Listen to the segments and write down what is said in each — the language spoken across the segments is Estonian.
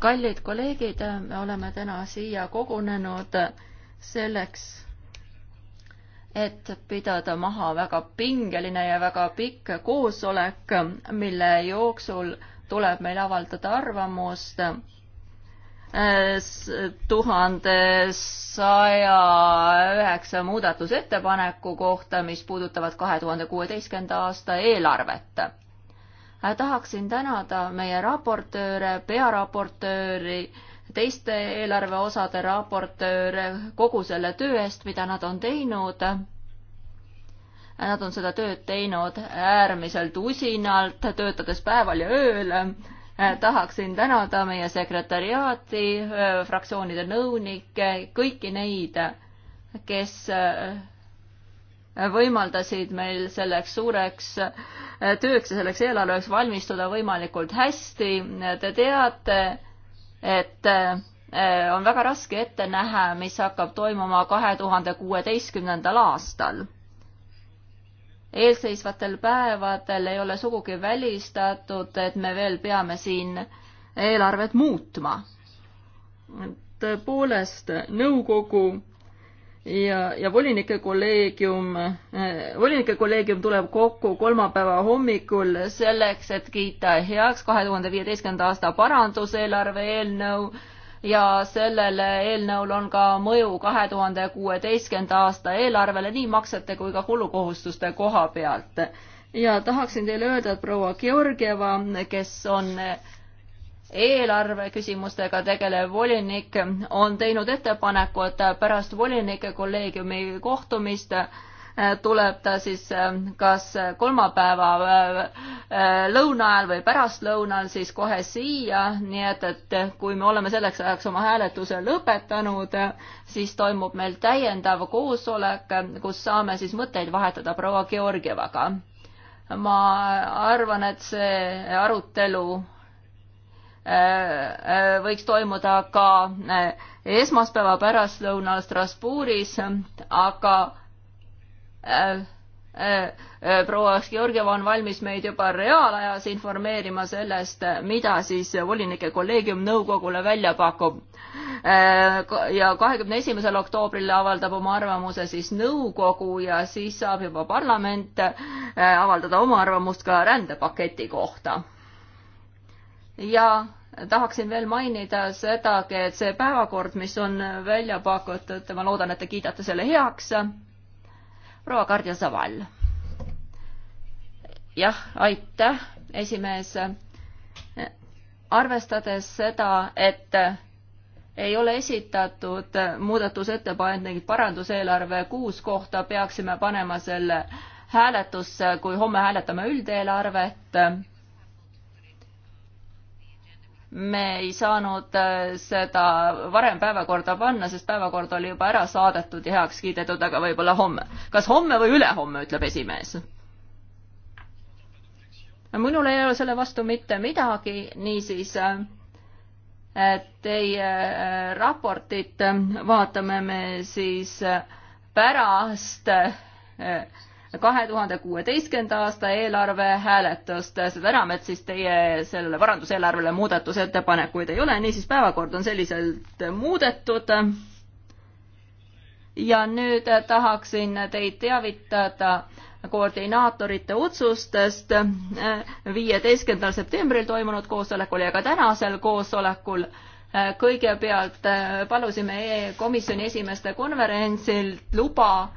kallid kolleegid, me oleme täna siia kogunenud selleks, et pidada maha väga pingeline ja väga pikk koosolek, mille jooksul tuleb meil avaldada arvamust Äh, tuhande saja üheksa muudatusettepaneku kohta, mis puudutavad kahe tuhande kuueteistkümnenda aasta eelarvet. Äh, tahaksin tänada meie raportööre, pearaportööri, teiste eelarveosade raportööre kogu selle töö eest, mida nad on teinud. Äh, nad on seda tööd teinud äärmiselt usinalt, töötades päeval ja ööl Äh, tahaksin tänada meie sekretäriaati, äh, fraktsioonide nõunikke, kõiki neid, kes äh, võimaldasid meil selleks suureks tööks ja selleks eelarveks valmistuda võimalikult hästi. Te teate, et on väga raske ette näha, mis hakkab toimuma kahe tuhande kuueteistkümnendal aastal eelseisvatel päevadel ei ole sugugi välistatud, et me veel peame siin eelarvet muutma. tõepoolest, nõukogu ja, ja volinike kolleegium, volinike kolleegium tuleb kokku kolmapäeva hommikul selleks, et kiita heaks kahe tuhande viieteistkümnenda aasta paranduseelarve eelnõu ja sellel eelnõul on ka mõju kahe tuhande kuueteistkümnenda aasta eelarvele nii maksete kui ka kulukohustuste koha pealt. ja tahaksin teile öelda, et proua Georgieva, kes on eelarve küsimustega tegelev volinik, on teinud ettepaneku, et pärast volinike kolleegiumi kohtumist äh, Äh, tuleb ta siis äh, kas kolmapäeva äh, lõuna ajal või pärastlõunal siis kohe siia, nii et, et kui me oleme selleks ajaks oma hääletuse lõpetanud, siis toimub meil täiendav koosolek, kus saame siis mõtteid vahetada proua Georgievaga. ma arvan, et see arutelu võiks toimuda ka esmaspäeva pärastlõunal Strasbourgis, aga Äh, äh, äh, proua Georgieva on valmis meid juba reaalajas informeerima sellest, mida siis volinike kolleegium nõukogule välja pakub. ja kahekümne esimesel oktoobril avaldab oma arvamuse siis nõukogu ja siis saab juba parlament avaldada oma arvamust ka rändepaketi kohta. ja tahaksin veel mainida sedagi, et see päevakord, mis on välja pakutud, ma loodan, et te kiidate selle heaks proua Kardja Saval. jah, aitäh, esimees. arvestades seda, et ei ole esitatud muudatusettepanekuid paranduseelarve kuus kohta, peaksime panema selle hääletusse, kui homme hääletame üldeelarvet me ei saanud äh, seda varem päevakorda panna, sest päevakord oli juba ära saadetud ja heaks kiidetud, aga võib-olla homme. kas homme või ülehomme, ütleb esimees. minul ei ole selle vastu mitte midagi, niisiis äh, teie äh, raportit vaatame me siis pärast kahe tuhande kuueteistkümnenda aasta eelarve hääletust, seda enam, et siis teie sellele paranduseelarvele muudatusettepanekuid ei ole, niisiis päevakord on selliselt muudetud. ja nüüd tahaksin teid teavitada koordinaatorite otsustest viieteistkümnendal septembril toimunud koosolekul ja ka tänasel koosolekul kõigepealt palusime e komisjoni esimeeste konverentsilt luba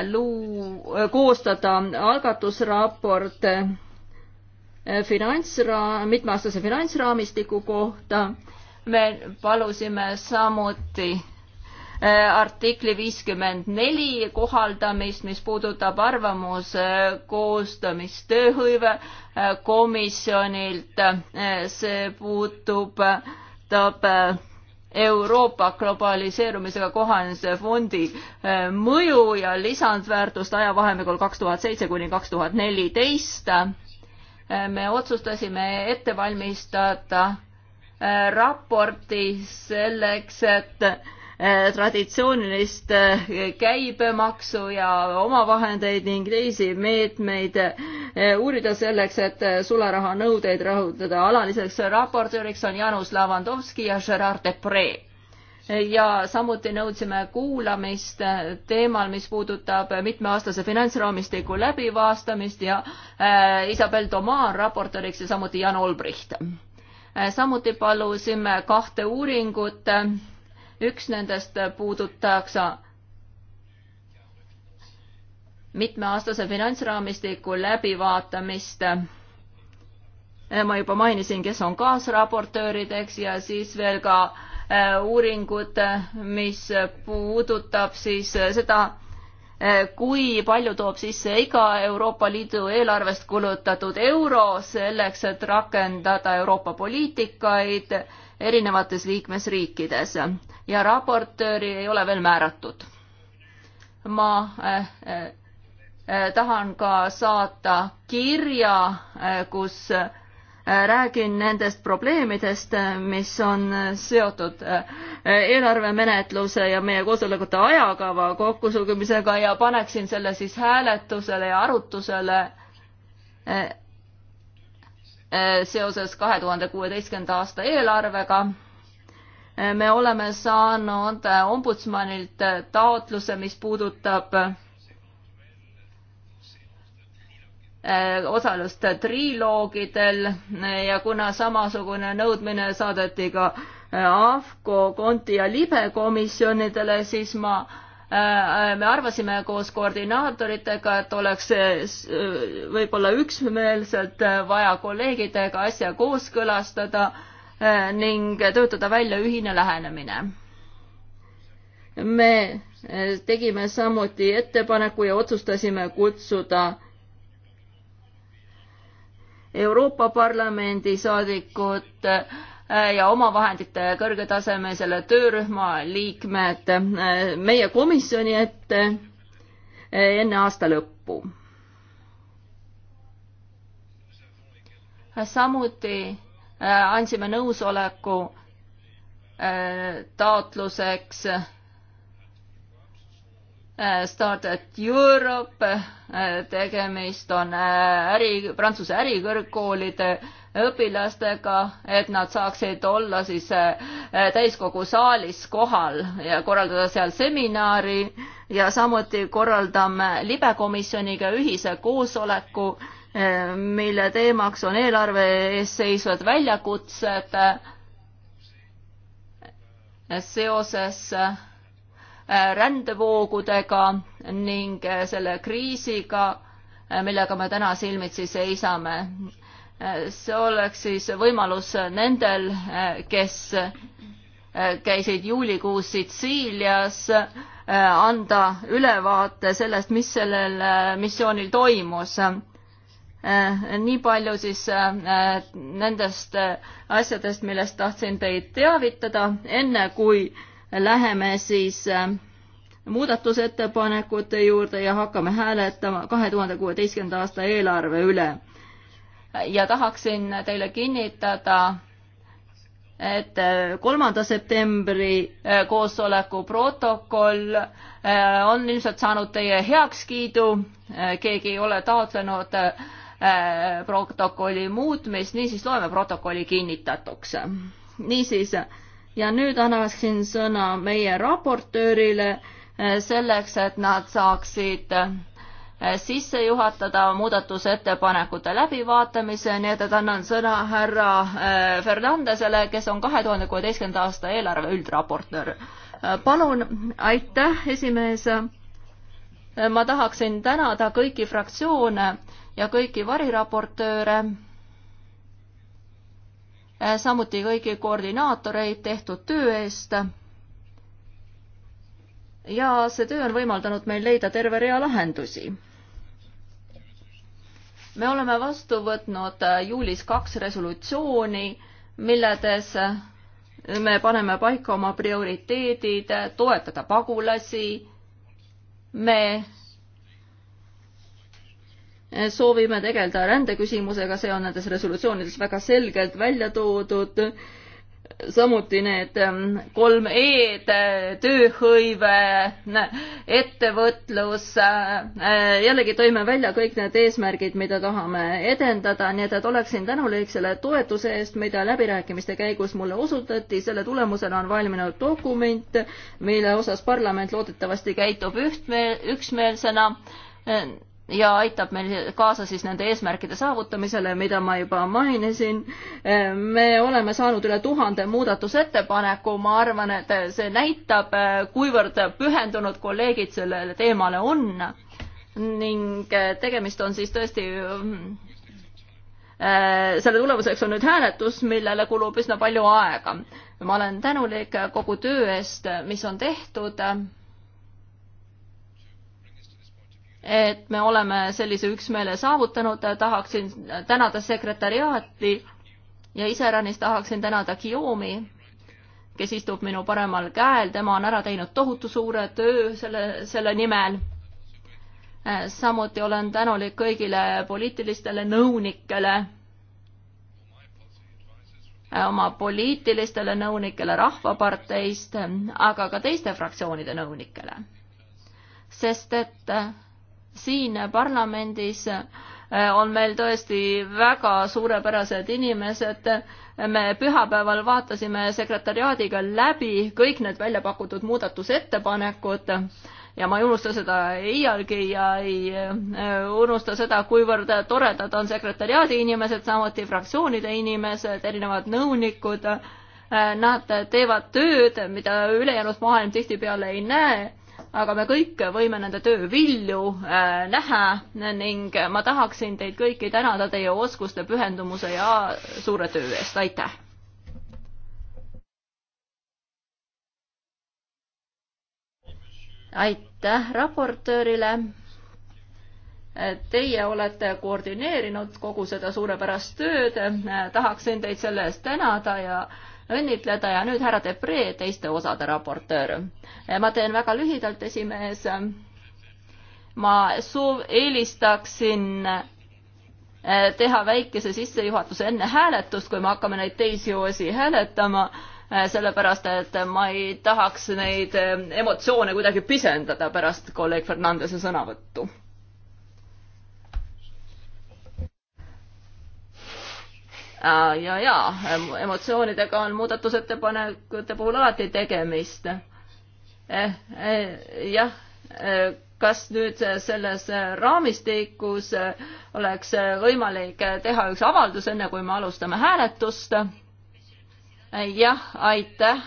luu-, koostada algatusraport eh, finantsra-, mitmeaastase finantsraamistiku kohta. me palusime samuti eh, artikli viiskümmend neli kohaldamist, mis puudutab arvamuse koostamist tööhõive eh, komisjonilt. see puudutab Euroopa globaliseerumisega kohanemise fondi eh, mõju ja lisandväärtust ajavahemikul kaks tuhat seitse kuni kaks tuhat neliteist. Eh, me otsustasime ette valmistada eh, raporti selleks, et Äh, traditsioonilist äh, käibemaksu ja omavahendeid ning teisi meetmeid äh, uurida selleks, et sularaha nõudeid rahuldada. alaliseks raportööriks on Janus Lavandovski ja Gerard Depree ja samuti nõudsime kuulamist teemal, mis puudutab mitmeaastase finantsraamistiku läbivaastamist ja Isabel Toma on raportööriks ja samuti Jan Olbricht. samuti palusime kahte uuringut üks nendest puudutaks mitmeaastase finantsraamistiku läbivaatamist. ma juba mainisin, kes on kaasraportöörideks ja siis veel ka äh, uuringut, mis puudutab siis äh, seda, äh, kui palju toob sisse iga Euroopa Liidu eelarvest kulutatud euro selleks, et rakendada Euroopa poliitikaid erinevates liikmesriikides ja raportööri ei ole veel määratud. ma äh, äh, äh, tahan ka saata kirja, kus räägin nendest probleemidest, mis on seotud eelarvemenetluse ja meie koosolekute ajakava kokkusugimisega ja paneksin selle siis hääletusele ja arutusele seoses kahe tuhande kuueteistkümnenda aasta eelarvega me oleme saanud ombudsmanilt taotluse, mis puudutab äh, osalust triloogidel ja kuna samasugune nõudmine saadeti ka äh, AFCO, Conti ja Libe komisjonidele, siis ma, äh, me arvasime koos koordinaatoritega, et oleks võib-olla üksmeelselt vaja kolleegidega asja kooskõlastada Äh, ning töötada välja ühine lähenemine. me äh, tegime samuti ettepaneku ja otsustasime kutsuda Euroopa Parlamendi saadikud äh, ja omavahendite kõrgetasemesele töörühma liikmed meie komisjoni ette enne aasta lõppu. samuti Äh, andsime nõusoleku äh, taotluseks äh, Startup Europe, tegemist on äri, Prantsuse ärikõrgkoolide õpilastega, et nad saaksid olla siis täiskogu saalis kohal ja korraldada seal seminari ja samuti korraldame libekomisjoniga ühise koosoleku Ehm, mille teemaks on eelarve ees seisvad väljakutsed eh, seoses eh, rändevoogudega ning eh, selle kriisiga, millega me täna silmitsi seisame. see oleks siis võimalus nendel, kes käisid juulikuus Sitsiilias, anda ülevaate sellest, mis sellel missioonil toimus Eh, nii palju siis eh, nendest eh, asjadest, millest tahtsin teid teavitada, enne kui läheme siis muudatusettepanekute juurde ja hakkame hääletama kahe tuhande kuueteistkümnenda aasta eelarve üle. ja tahaksin teile kinnitada, et kolmanda septembri koosoleku protokoll on ilmselt saanud teie heakskiidu, keegi ei ole taotlenud Äh, protokolli muutmist, niisiis loeme protokolli kinnitatuks. niisiis, ja nüüd annaksin sõna meie raportöörile äh, selleks, et nad saaksid äh, sisse juhatada muudatusettepanekute läbivaatamise, nii et, et annan sõna härra Fernandesele, kes on kahe tuhande kuueteistkümnenda aasta eelarve üldraportöör. palun, aitäh, esimees ma tahaksin tänada kõiki fraktsioone ja kõiki variraportööre, samuti kõiki koordinaatoreid tehtud töö eest. ja see töö on võimaldanud meil leida terve rea lahendusi. me oleme vastu võtnud juulis kaks resolutsiooni, milledes me paneme paika oma prioriteedid, toetada pagulasi me soovime tegeleda rändeküsimusega, see on nendes resolutsioonides väga selgelt välja toodud samuti need ähm, kolm E-d, tööhõive, ettevõtlus, äh, jällegi tõime välja kõik need eesmärgid, mida tahame edendada, nii et, et oleksin tänulik selle toetuse eest, mida läbirääkimiste käigus mulle osutati, selle tulemusena on valminud dokument, mille osas parlament loodetavasti käitub ühtme-, üksmeelsena äh, ja aitab meil kaasa siis nende eesmärkide saavutamisele, mida ma juba mainisin. Ehm, me oleme saanud üle tuhande muudatusettepaneku, ma arvan, et see näitab, eh, kuivõrd pühendunud kolleegid sellele teemale on ning eh, tegemist on siis tõesti mm, eh, selle tulemuseks on nüüd hääletus, millele kulub üsna palju aega. ma olen tänulik kogu töö eest, mis on tehtud et me oleme sellise üksmeele saavutanud, tahaksin tänada sekretäriaati ja iseäranis tahaksin tänada Guillaume'i, kes istub minu paremal käel, tema on ära teinud tohutu suure töö selle, selle nimel. samuti olen tänulik kõigile poliitilistele nõunikele, oma poliitilistele nõunikele Rahvaparteist, aga ka teiste fraktsioonide nõunikele. sest et siin parlamendis eh, on meil tõesti väga suurepärased inimesed. me pühapäeval vaatasime sekretäriaadiga läbi kõik need välja pakutud muudatusettepanekud ja ma ei unusta seda iialgi ja ei eh, unusta seda, kuivõrd toredad on sekretäriaadi inimesed, samuti fraktsioonide inimesed, erinevad nõunikud. Eh, Nad teevad tööd, mida ülejäänud maailm tihtipeale ei näe aga me kõik võime nende töö vilju äh, näha ning ma tahaksin teid kõiki tänada teie oskuste, pühendumuse ja suure töö eest, aitäh! aitäh raportöörile! Teie olete koordineerinud kogu seda suurepärast tööd, tahaksin teid selle eest tänada ja äh, õnnitleda ja nüüd härra Debre, teiste osade raportöör. ma teen väga lühidalt, esimees. ma soov, eelistaksin eh, teha väikese sissejuhatuse enne hääletust, kui me hakkame neid teisi osi hääletama, eh, sellepärast et ma ei tahaks neid eh, emotsioone kuidagi pisendada pärast kolleeg Fernandese sõnavõttu Äh, ja, ja emotsioonidega on muudatusettepanekute puhul alati tegemist. Eh, eh, jah, eh, kas nüüd selles raamistikus oleks võimalik teha üks avaldus, enne kui me alustame hääletust? jah, aitäh.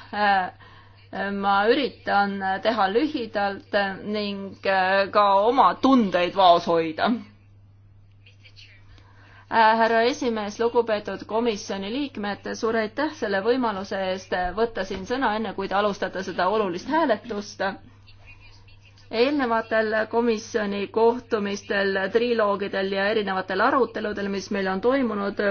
ma üritan teha lühidalt ning ka oma tundeid vaos hoida Äh, härra esimees, lugupeetud komisjoni liikmed, suur aitäh selle võimaluse eest võtta siin sõna, enne kui te alustate seda olulist hääletust. eelnevatel komisjoni kohtumistel, triloogidel ja erinevatel aruteludel, mis meil on toimunud,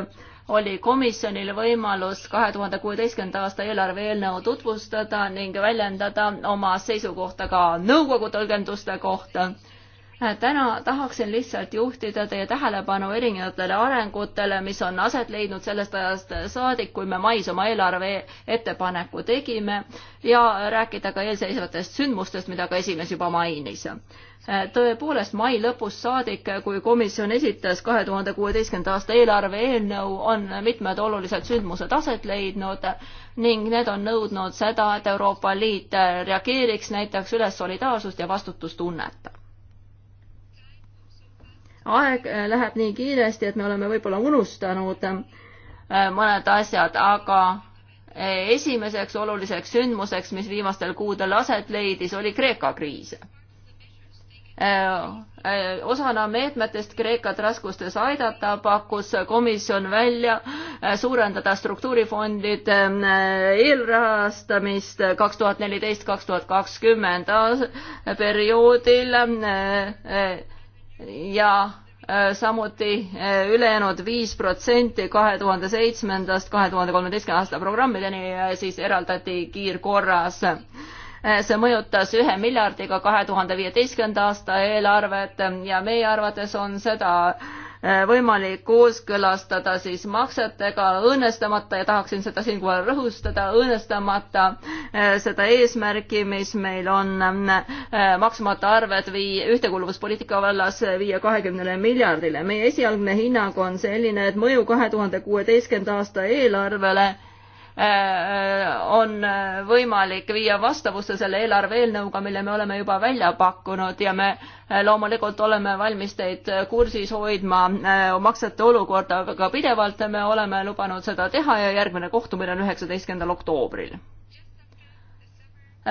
oli komisjonil võimalus kahe tuhande kuueteistkümnenda aasta eelarve eelnõu tutvustada ning väljendada oma seisukohta ka nõukogu tõlgenduste kohta täna tahaksin lihtsalt juhtida teie tähelepanu erinevatele arengutele, mis on aset leidnud sellest ajast saadik, kui me mais oma eelarve ettepaneku tegime ja rääkida ka eelseisvatest sündmustest, mida ka esimees juba mainis. tõepoolest, mai lõpust saadik, kui komisjon esitas kahe tuhande kuueteistkümnenda aasta eelarve eelnõu, on mitmed olulised sündmused aset leidnud ning need on nõudnud seda, et Euroopa Liit reageeriks, näitaks üles solidaarsust ja vastutustunnet aeg äh, läheb nii kiiresti, et me oleme võib-olla unustanud äh, mõned asjad, aga äh, esimeseks oluliseks sündmuseks, mis viimastel kuudel aset leidis, oli Kreeka kriis. osana meetmetest Kreekat raskustes aidata pakkus komisjon välja suurendada struktuurifondide eelrahastamist kaks tuhat neliteist, kaks tuhat kakskümmend perioodil ja äh, samuti äh, ülejäänud viis protsenti kahe tuhande seitsmendast kahe tuhande kolmeteistkümne aasta programmideni äh, siis eraldati kiirkorras. see mõjutas ühe miljardiga kahe tuhande viieteistkümnenda aasta eelarvet ja meie arvates on seda Äh, võimalik kooskõlastada siis maksetega õõnestamata ja tahaksin seda siinkohal rõhustada, õõnestamata äh, seda eesmärki, mis meil on äh, maksmata arved vii-, ühtekuuluvuspoliitika vallas viia kahekümnele miljardile. meie esialgne hinnang on selline, et mõju kahe tuhande kuueteistkümnenda aasta eelarvele Äh, on võimalik viia vastavusse selle eelarve eelnõuga, mille me oleme juba välja pakkunud ja me äh, loomulikult oleme valmis teid kursis hoidma äh, maksete olukorda, aga pidevalt me oleme lubanud seda teha ja järgmine kohtumine on üheksateistkümnendal oktoobril.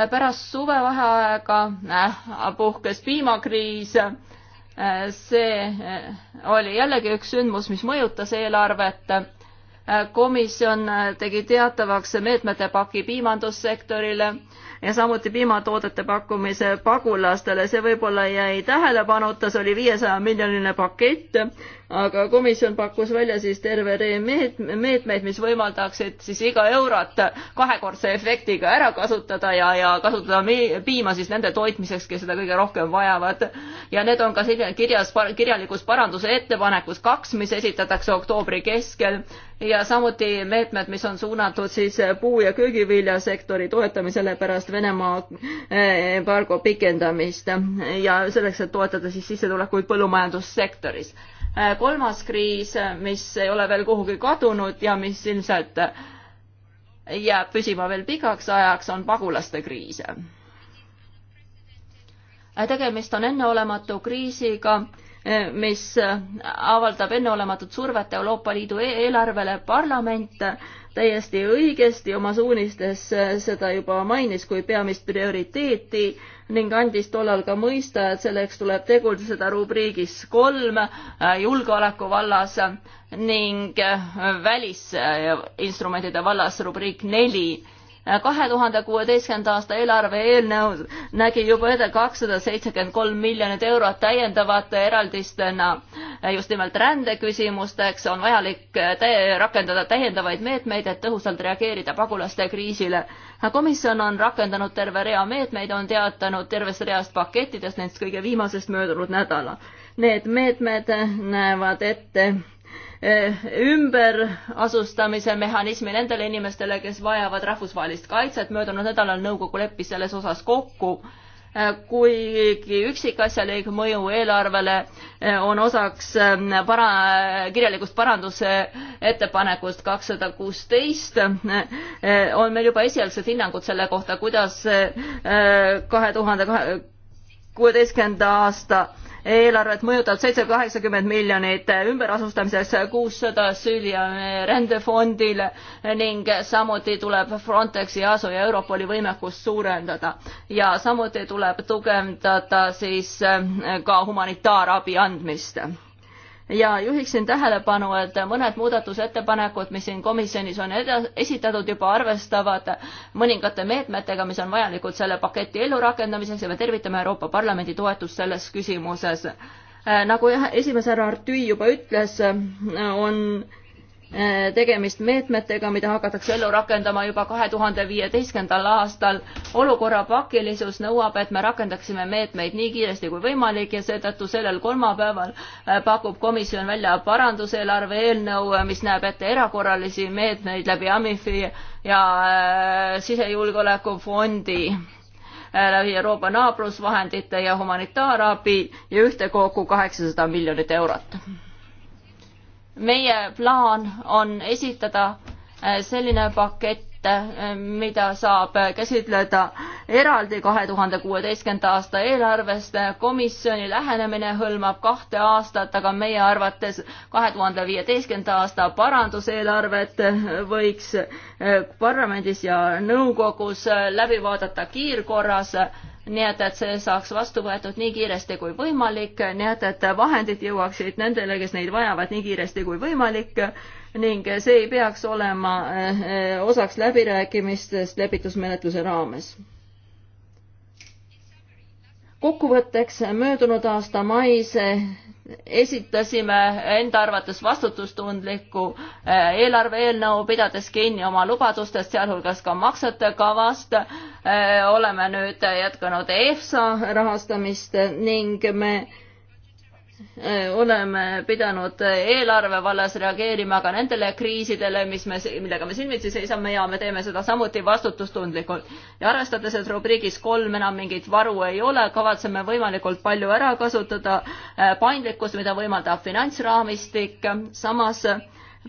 pärast suvevaheaega äh, puhkes piimakriis see oli jällegi üks sündmus, mis mõjutas eelarvet komisjon tegi teatavaks meetmete paki piimandussektorile ja samuti piimatoodete pakkumise pagulastele, see võib-olla jäi tähelepanuta, see oli viiesaja miljoniline pakett, aga komisjon pakkus välja siis terve ree meetmeid, meetmeid, mis võimaldaksid siis iga eurot kahekordse efektiga ära kasutada ja, ja kasutada piima siis nende toitmiseks, kes seda kõige rohkem vajavad. ja need on ka kirjas, kirjalikus paranduse ettepanekus kaks, mis esitatakse oktoobri keskel ja samuti meetmed, mis on suunatud siis puu- ja köögiviljasektori toetamisele pärast Venemaa eh, embargo pikendamist ja selleks, et toetada siis sissetulekuid põllumajandussektoris Äh, kolmas kriis, mis ei ole veel kuhugi kadunud ja mis ilmselt jääb püsima veel pikaks ajaks, on pagulaste kriis. Äh, tegemist on enneolematu kriisiga, äh, mis avaldab enneolematut survet Euroopa Liidu e- eelarvele. parlament täiesti õigesti oma suunistes seda juba mainis kui peamist prioriteeti ning andis tollal ka mõista, et selleks tuleb tegutseda rubriigis kolm äh, julgeoleku vallas ning äh, välisinstrumentide vallas rubriik neli äh, kahe tuhande kuueteistkümnenda aasta eelarve eelnõu nägi juba ette kakssada seitsekümmend kolm miljonit eurot täiendavate eraldistena just nimelt rändeküsimusteks on vajalik rakendada täiendavaid meetmeid, et tõhusalt reageerida pagulaste kriisile komisjon on rakendanud terve rea meetmeid, on teatanud tervest reast pakettidest, nendest kõige viimasest möödunud nädala. Need meetmed näevad ette eh, ümberasustamise mehhanismi nendele inimestele, kes vajavad rahvusvahelist kaitset. möödunud nädalal nõukogu leppis selles osas kokku kuigi üksikasjalik mõju eelarvele eh, on osaks eh, para-, kirjalikust paranduse ettepanekust kakssada kuusteist, eh, on meil juba esialgsed hinnangud selle kohta, kuidas kahe tuhande kuueteistkümnenda aasta eelarvet mõjutab seitse kaheksakümmend miljonit ümberasustamiseks, kuussada Süüria rändefondile ning samuti tuleb Frontexi, ASO ja Europoli võimekust suurendada. ja samuti tuleb tugevdada siis ka humanitaarabi andmist ja juhiksin tähelepanu, et mõned muudatusettepanekud, mis siin komisjonis on esitatud, juba arvestavad mõningate meetmetega, mis on vajalikud selle paketi ellurakendamiseks ja me tervitame Euroopa Parlamendi toetust selles küsimuses. Äh, nagu jah, esimees härra Artüi juba ütles, äh, on Äh, tegemist meetmetega, mida hakatakse ellu rakendama juba kahe tuhande viieteistkümnendal aastal. olukorra pakilisus nõuab, et me rakendaksime meetmeid nii kiiresti kui võimalik ja seetõttu sellel kolmapäeval äh, pakub komisjon välja paranduseelarve eelnõu, äh, mis näeb ette erakorralisi meetmeid läbi AMIF-i ja sisejulgeolekufondi läbi Euroopa naabrusvahendite ja humanitaarabi ja ühtekokku kaheksasada miljonit eurot meie plaan on esitada äh, selline pakett, äh, mida saab käsitleda eraldi kahe tuhande kuueteistkümnenda aasta eelarvest. komisjoni lähenemine hõlmab kahte aastat, aga meie arvates kahe tuhande viieteistkümnenda aasta paranduseelarvet võiks äh, parlamendis ja nõukogus läbi vaadata kiirkorras nii et, et see saaks vastu võetud nii kiiresti kui võimalik, nii et, et vahendid jõuaksid nendele, kes neid vajavad, nii kiiresti kui võimalik ning see ei peaks olema eh, eh, osaks läbirääkimistest lepitusmenetluse raames. kokkuvõtteks möödunud aasta mais esitasime enda arvates vastutustundliku eh, eelarve eelnõu, pidades kinni oma lubadustest, sealhulgas ka maksete kavast. Eh, oleme nüüd jätkanud EFSA rahastamist ning me Äh, oleme pidanud eelarve vallas reageerima ka nendele kriisidele, mis me, millega me silmitsi seisame ja me teeme seda samuti vastutustundlikult. ja arvestades, et rubriigis kolm enam mingit varu ei ole, kavatseme võimalikult palju ära kasutada äh, paindlikkust, mida võimaldab finantsraamistik, samas äh,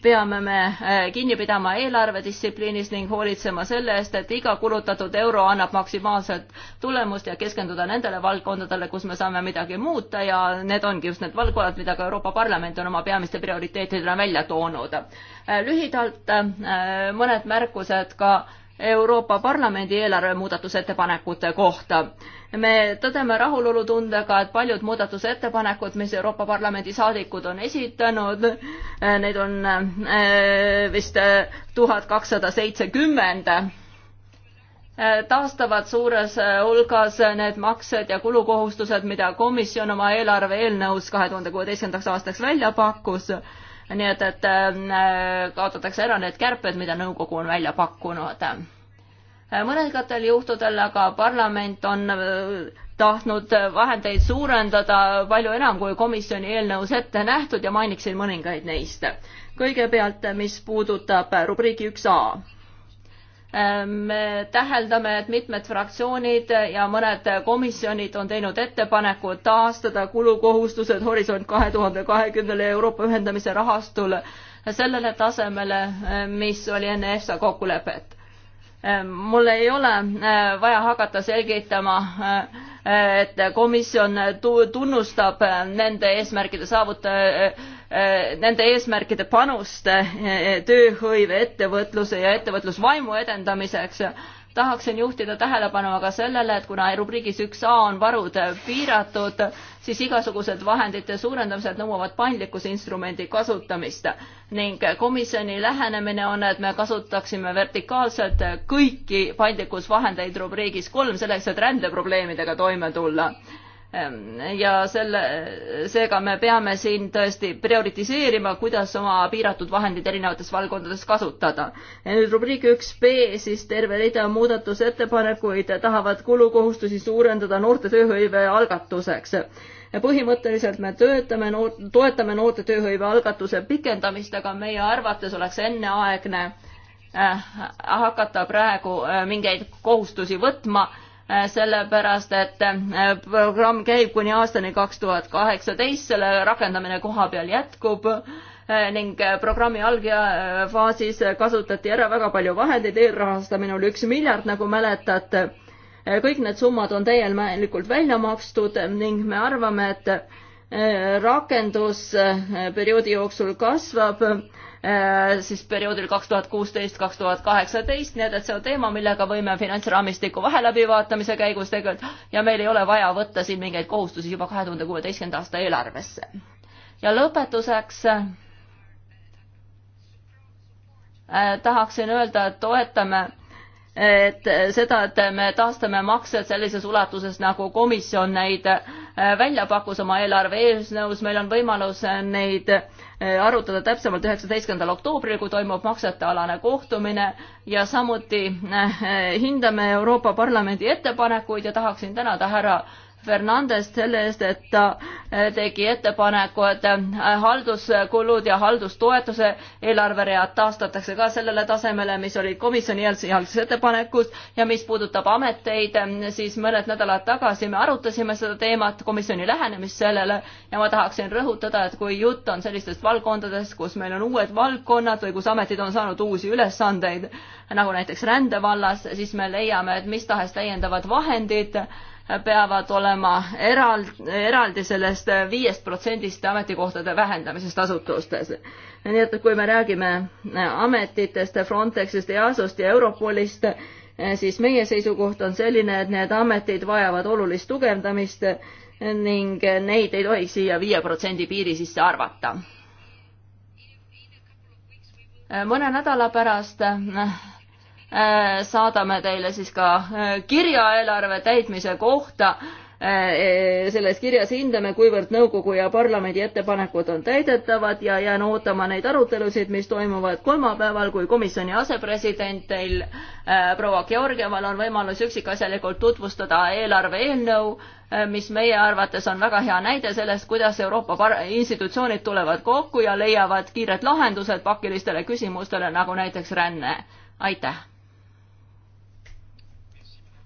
peame me äh, kinni pidama eelarvedistsipliinis ning hoolitsema selle eest, et iga kulutatud euro annab maksimaalset tulemust ja keskenduda nendele valdkondadele, kus me saame midagi muuta ja need ongi just need valdkonnad, mida ka Euroopa Parlament on oma peamiste prioriteetidena välja toonud. Äh, lühidalt äh, mõned märkused ka Euroopa Parlamendi eelarve muudatusettepanekute kohta. me tõdeme rahulolutundega, et paljud muudatusettepanekud, mis Euroopa Parlamendi saadikud on esitanud, neid on eh, vist eh, tuhat kakssada seitsekümmend, eh, taastavad suures hulgas need maksed ja kulukohustused, mida komisjon oma eelarve eelnõus kahe tuhande kuueteistkümnendaks aastaks välja pakkus nii et, et äh, kaotatakse ära need kärped, mida nõukogu on välja pakkunud. mõningatel juhtudel aga parlament on äh, tahtnud vahendeid suurendada palju enam, kui komisjoni eelnõus ette nähtud ja mainiksin mõningaid neist. kõigepealt, mis puudutab rubriigi üks A Ehm, me täheldame, et mitmed fraktsioonid ja mõned komisjonid on teinud ettepaneku taastada kulukohustused Horisont kahe tuhande kahekümnele Euroopa ühendamise rahastule sellele tasemele, ehm, mis oli enne EFSA kokkulepet. Ehm, mul ei ole vaja hakata selgitama, et komisjon tunnustab nende eesmärkide saavuta-, Äh, nende eesmärkide panust äh, tööhõive, ettevõtluse ja ettevõtlusvaimu edendamiseks. tahaksin juhtida tähelepanu aga sellele, et kuna rubriigis üks A on varud piiratud, siis igasugused vahendite suurendamised nõuavad paindlikkusinstrumendi kasutamist ning komisjoni lähenemine on, et me kasutaksime vertikaalselt kõiki paindlikkusvahendeid rubriigis kolm selleks, et rändeprobleemidega toime tulla Ehm, ja selle, seega me peame siin tõesti prioritiseerima, kuidas oma piiratud vahendid erinevates valdkondades kasutada. nüüd rubriik üks B, siis terve rida muudatusettepanekuid tahavad kulukohustusi suurendada noorte tööhõive algatuseks. põhimõtteliselt me töötame noor-, toetame noorte tööhõive algatuse pikendamist, aga meie arvates oleks enneaegne äh, hakata praegu äh, mingeid kohustusi võtma Äh, sellepärast et äh, programm käib kuni aastani kaks tuhat kaheksateist, selle rakendamine koha peal jätkub äh, ning programmi algja faasis kasutati ära väga palju vahendeid, eelrahastamine oli üks miljard, nagu mäletate. kõik need summad on täielikult välja makstud ning me arvame, et rakendusperioodi jooksul kasvab Äh, siis perioodil kaks tuhat kuusteist, kaks tuhat kaheksateist, nii et, et see on teema, millega võime finantsraamistiku vaheläbivaatamise käigus tegeleda ja meil ei ole vaja võtta siin mingeid kohustusi juba kahe tuhande kuueteistkümnenda aasta eelarvesse. ja lõpetuseks äh, tahaksin öelda, et toetame et seda, et me taastame maksed sellises ulatuses, nagu komisjon neid äh, välja pakkus oma eelarve eesnõus, meil on võimalus neid äh, Äh, arutada täpsemalt üheksateistkümnendal oktoobril, kui toimub maksetealane kohtumine ja samuti äh, hindame Euroopa Parlamendi ettepanekuid ja tahaksin tänada härra Fernandest selle eest, et ta eh, tegi ettepaneku, et eh, halduskulud ja haldustoetuse eelarveread taastatakse ka sellele tasemele, mis olid komisjoni algses ettepanekus ja mis puudutab ameteid, eh, siis mõned nädalad tagasi me arutasime seda teemat, komisjoni lähenemist sellele ja ma tahaksin rõhutada, et kui jutt on sellistest valdkondadest, kus meil on uued valdkonnad või kus ametid on saanud uusi ülesandeid, nagu näiteks rändevallas, siis me leiame, et mis tahes täiendavad vahendid peavad olema eraldi, eraldi sellest viiest protsendist ametikohtade vähendamisest asutustes. nii et kui me räägime ametitest, Frontexist, EASO-st ja Europolist, siis meie seisukoht on selline, et need ametid vajavad olulist tugevdamist ning neid ei tohiks siia viie protsendi piiri sisse arvata. mõne nädala pärast Äh, saadame teile siis ka äh, kirja eelarve täitmise kohta. Äh, selles kirjas hindame, kuivõrd nõukogu ja parlamendi ettepanekud on täidetavad ja jään ootama neid arutelusid, mis toimuvad kolmapäeval, kui komisjoni asepresident teil proua Georgieval on võimalus üksikasjalikult tutvustada eelarve eelnõu, mis meie arvates on väga hea näide sellest, kuidas Euroopa institutsioonid tulevad kokku ja leiavad kiired lahendused pakilistele küsimustele, nagu näiteks ränne. aitäh!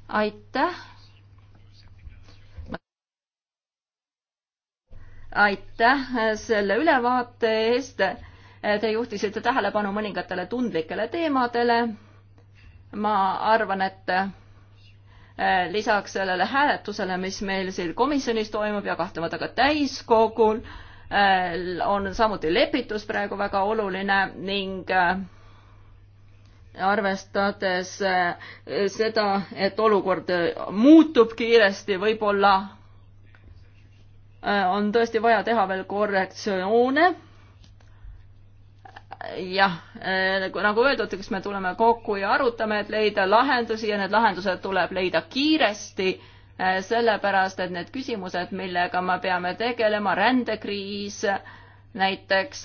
aitäh. aitäh selle ülevaate eest. Te juhtisite tähelepanu mõningatele tundlikele teemadele. ma arvan, et eh, lisaks sellele hääletusele, mis meil siin komisjonis toimub ja kahtlemata ka täiskogul, eh, on samuti lepitus praegu väga oluline ning eh, arvestades eh, seda, et olukord eh, muutub kiiresti, võib-olla eh, on tõesti vaja teha veel korrektsioone. jah, nagu, nagu öeldud, eks me tuleme kokku ja arutame, et leida lahendusi ja need lahendused tuleb leida kiiresti, sellepärast et need küsimused, millega me peame tegelema, rändekriis näiteks,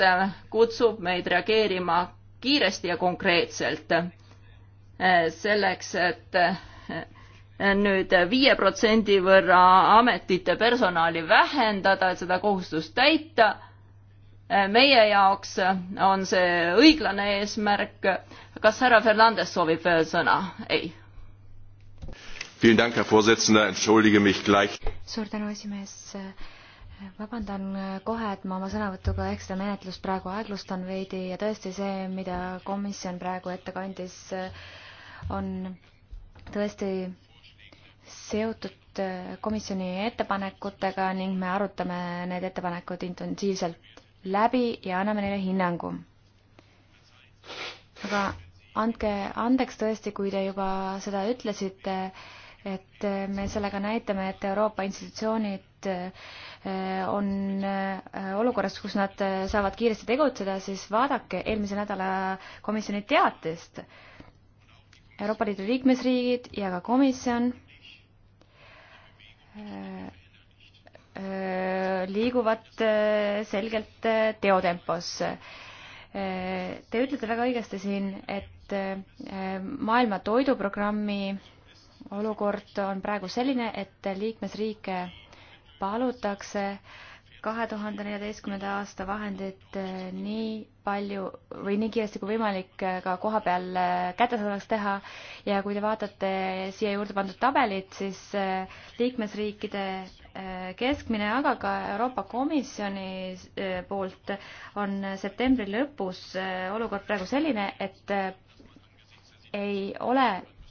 kutsub meid reageerima kiiresti ja konkreetselt eh, selleks, et eh, nüüd viie protsendi võrra ametite personali vähendada, et seda kohustust täita. Eh, meie jaoks on see õiglane eesmärk. kas härra Fernandes soovib veel sõna? ei. suur tänu, esimees vabandan äh, kohe, et ma oma sõnavõtuga ehk seda menetlust praegu aeglustan veidi ja tõesti see, mida komisjon praegu ette kandis, äh, on tõesti seotud äh, komisjoni ettepanekutega ning me arutame need ettepanekud intensiivselt läbi ja anname neile hinnangu. aga andke andeks tõesti, kui te juba seda ütlesite et äh, me sellega näitame, et Euroopa institutsioonid äh, on äh, olukorras, kus nad saavad kiiresti tegutseda, siis vaadake eelmise nädala komisjoni teatest. Euroopa Liidu liikmesriigid ja ka komisjon liiguvad selgelt teotempos. Te ütlete väga õigesti siin, et maailma toiduprogrammi olukord on praegu selline, et liikmesriike palutakse kahe tuhande neljateistkümnenda aasta vahendid eh, nii palju või nii kiiresti kui võimalik eh, ka koha peal eh, kättesaadavaks teha ja kui te vaatate siia juurde pandud tabelit, siis liikmesriikide keskmine, aga ka Euroopa Komisjoni poolt on septembri lõpus olukord praegu selline, et ei ole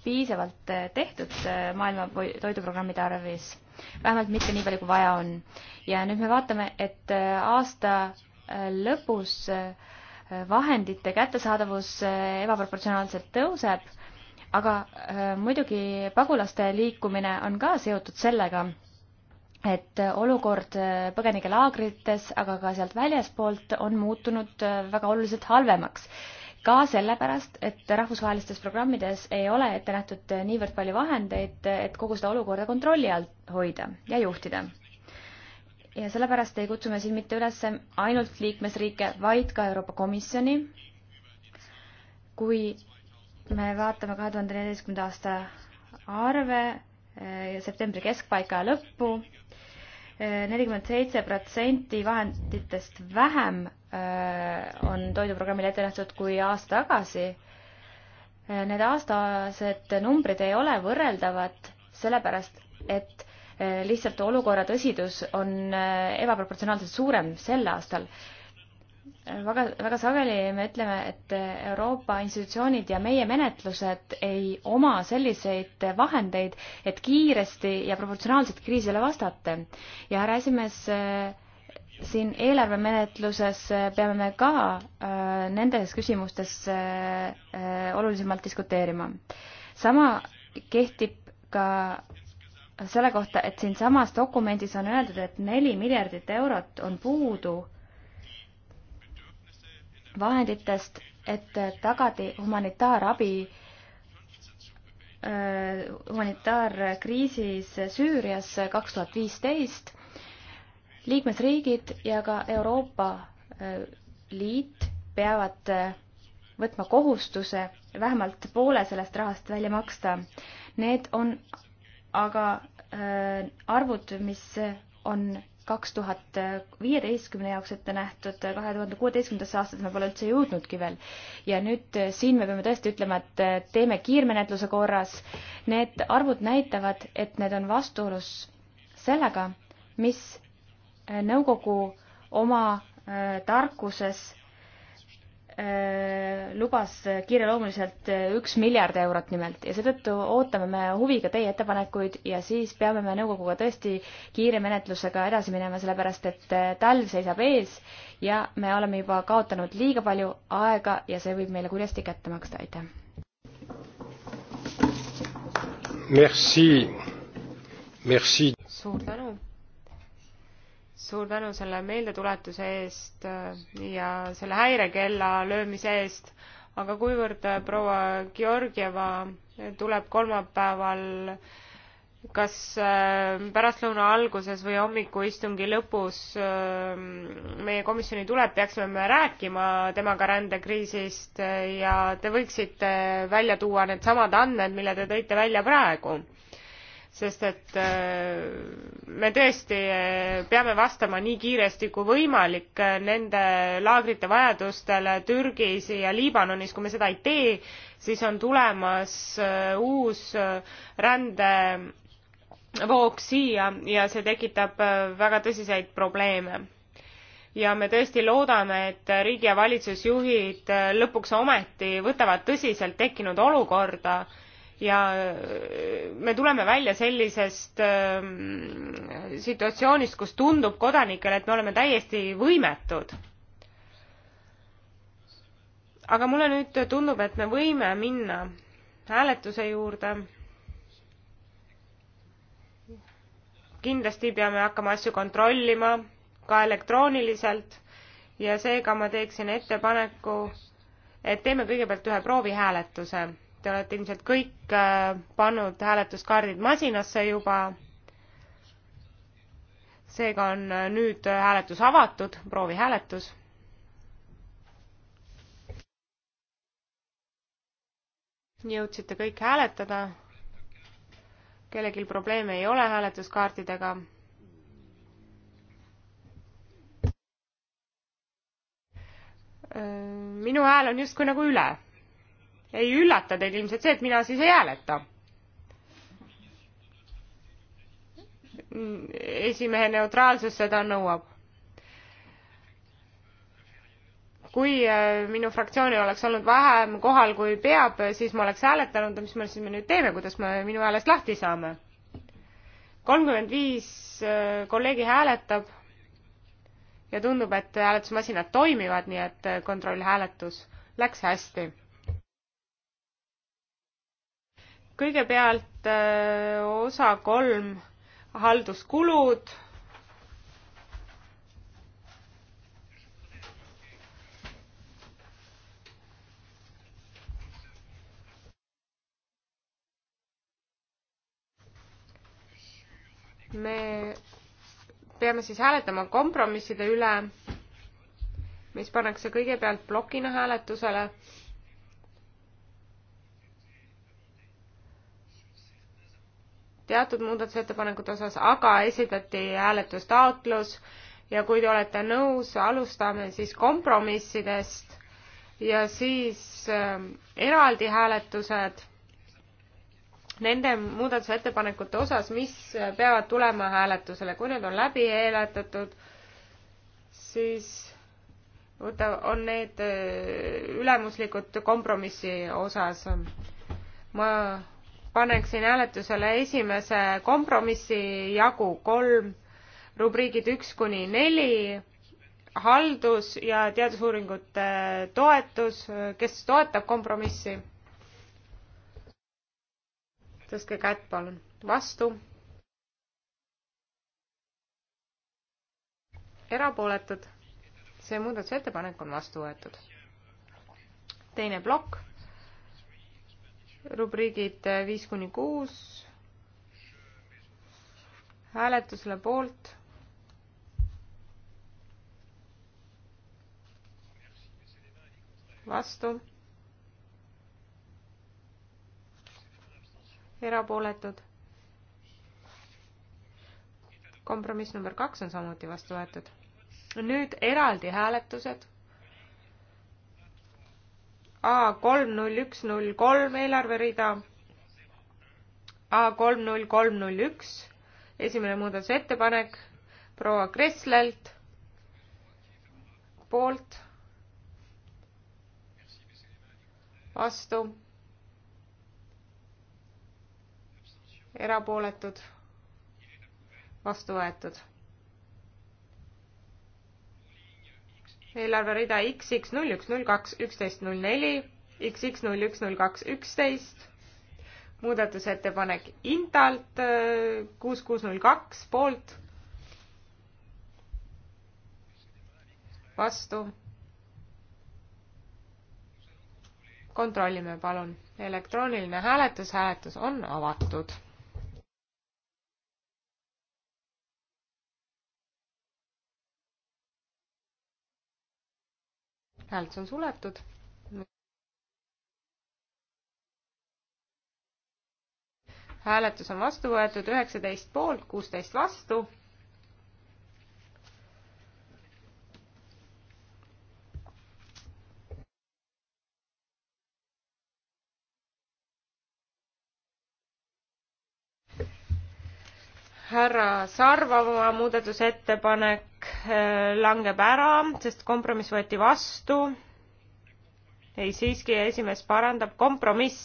piisavalt eh, tehtud eh, maailma toiduprogrammide arvis, vähemalt mitte nii palju, kui vaja on. ja nüüd me vaatame, et eh, aasta lõpus vahendite kättesaadavus ebaproportsionaalselt tõuseb, aga muidugi pagulaste liikumine on ka seotud sellega, et olukord põgenikelaagrites, aga ka sealt väljaspoolt on muutunud väga oluliselt halvemaks ka sellepärast, et rahvusvahelistes programmides ei ole ette nähtud niivõrd palju vahendeid, et kogu seda olukorda kontrolli all hoida ja juhtida. ja sellepärast ei kutsu me siin mitte üles ainult liikmesriike, vaid ka Euroopa Komisjoni. kui me vaatame kahe tuhande neljateistkümnenda aasta arve eh, septembri keskpaika ja lõppu, nelikümmend seitse protsenti vahenditest vähem äh, on toiduprogrammile ette nähtud kui aasta tagasi. Äh, need aastased numbrid ei ole võrreldavad, sellepärast et äh, lihtsalt olukorra tõsidus on ebaproportsionaalselt suurem sel aastal väga, väga sageli me ütleme, et Euroopa institutsioonid ja meie menetlused ei oma selliseid vahendeid, et kiiresti ja proportsionaalselt kriisile vastata. ja härra esimees, siin eelarvemenetluses peame me ka äh, nendes küsimustes äh, olulisemalt diskuteerima. sama kehtib ka selle kohta, et siinsamas dokumendis on öeldud, et neli miljardit eurot on puudu vahenditest, et tagadi humanitaarabi äh, humanitaarkriisis Süürias kaks tuhat viisteist. liikmesriigid ja ka Euroopa äh, Liit peavad äh, võtma kohustuse vähemalt poole sellest rahast välja maksta. Need on aga arvud, mis on kaks tuhat viieteistkümne jaoks ette nähtud, kahe tuhande kuueteistkümnendasse aastasse me pole üldse jõudnudki veel. ja nüüd äh, siin me peame tõesti ütlema, et äh, teeme kiirmenetluse korras. Need arvud näitavad, et need on vastuolus sellega, mis äh, nõukogu oma tarkuses Äh, lubas kiireloomuliselt äh, üks miljard eurot nimelt ja seetõttu ootame me huviga teie ettepanekuid ja siis peame me nõukoguga tõesti kiire menetlusega edasi minema, sellepärast et äh, talv seisab ees ja me oleme juba kaotanud liiga palju aega ja see võib meile kurjasti kätte maksta, aitäh. Merci, merci. suur tänu suur tänu selle meeldetuletuse eest äh, ja selle häirekella löömise eest, aga kuivõrd äh, proua Georgieva tuleb kolmapäeval kas äh, pärastlõuna alguses või hommikuistungi lõpus meie komisjoni tuleb, peaksime me rääkima temaga rändekriisist ja te võiksite välja tuua needsamad andmed, mille te tõite välja praegu sest et äh, me tõesti äh, peame vastama nii kiiresti kui võimalik äh, nende laagrite vajadustele Türgis ja Liibanonis, kui me seda ei tee, siis on tulemas uus rändevoog siia ja see tekitab väga tõsiseid probleeme ja me tõesti loodame, et riigi ja valitsusjuhid lõpuks ometi võtavad tõsiselt tekkinud olukorda äh, ja äh, me tuleme välja sellisest ähm, situatsioonist, kus tundub kodanikele, et me oleme täiesti võimetud aga mulle nüüd tundub, et me võime minna hääletuse juurde. kindlasti peame hakkama asju kontrollima ka elektrooniliselt ja seega ma teeksin ettepaneku, et teeme kõigepealt ühe proovihääletuse te olete ilmselt kõik äh, pannud hääletuskaardid masinasse juba. seega on äh, nüüd äh, hääletus avatud, proovihääletus. jõudsite kõik hääletada? kellelgi probleeme ei ole hääletuskaartidega? minu hääl on justkui nagu üle ei üllata teid ilmselt see, et mina siis ei hääleta. esimehe neutraalsus seda nõuab. kui äh, minu fraktsiooni oleks olnud vähem kohal, kui peab, siis ma oleks hääletanud, mis me siis me nüüd teeme, kuidas me minu häälest lahti saame? kolmkümmend viis äh, kolleegi hääletab ja tundub, et hääletusmasinad toimivad, nii et äh, kontrollhääletus läks hästi kõigepealt äh, osa kolm, halduskulud. me peame siis hääletama kompromisside üle, mis pannakse kõigepealt plokina hääletusele teatud muudatusettepanekute osas, aga esitati hääletustaotlus ja kui te olete nõus, alustame siis kompromissidest ja siis ähm, eraldi hääletused nende muudatusettepanekute osas, mis peavad tulema hääletusele, kui need on läbi hääletatud, siis võta, on need äh, ülemuslikud kompromissi osas. ma paneksin hääletusele esimese kompromissi jagu kolm, rubriigid üks kuni neli, haldus ja teadusuuringute toetus, kes toetab kompromissi? tõstke kätt, palun. vastu? erapooletud? see muudatusettepanek on vastu võetud. teine plokk rubriigid äh, viis kuni kuus, hääletusele poolt. vastu. erapooletud. kompromiss number kaks on samuti vastu võetud. nüüd eraldi hääletused A kolm null üks null kolm eelarverida, A kolm null kolm null üks, esimene muudatusettepanek proua Kresslelt, poolt, vastu, erapooletud, vastu võetud eelarverida XX null üks null kaks üksteist null neli, XX null üks null kaks üksteist, muudatusettepanek Intalt äh, kuus kuus null kaks poolt, vastu. kontrollime palun, elektrooniline hääletus, hääletus on avatud hääletus on suletud. hääletus on vastu võetud üheksateist poolt, kuusteist vastu. härra Sarvamaa muudatusettepanek Eh, langeb ära, sest kompromiss võeti vastu. ei, siiski esimees parandab, kompromiss,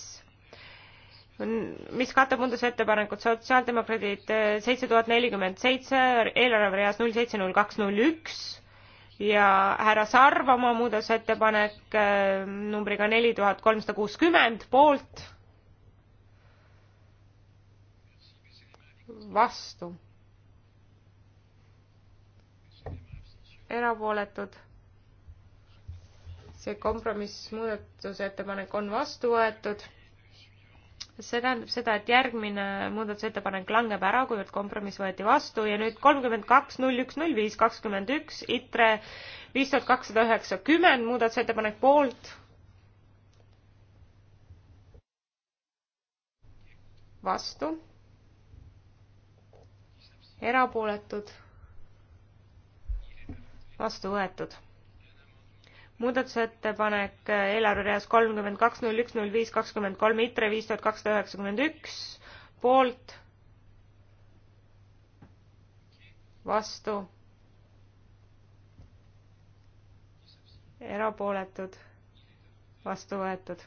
mis katab muudatusettepanekut, sotsiaaldemokraadid eh, seitse tuhat nelikümmend seitse, eelarvereas null seitse null kaks null üks ja härra Sarv oma muudatusettepanek eh, numbriga neli tuhat kolmsada kuuskümmend poolt, vastu erapooletud. see kompromiss muudatusettepanek on vastu võetud. see tähendab seda, et järgmine muudatusettepanek langeb ära, kuivõrd kompromiss võeti vastu ja nüüd kolmkümmend kaks, null üks, null viis, kakskümmend üks, ITRE viis tuhat kakssada üheksakümmend, muudatusettepanek poolt. vastu erapooletud vastu võetud. muudatusettepanek eh, eelarvereas kolmkümmend kaks null üks null viis kakskümmend kolm ITRE viis tuhat kakssada üheksakümmend üks poolt, vastu, erapooletud, vastu võetud.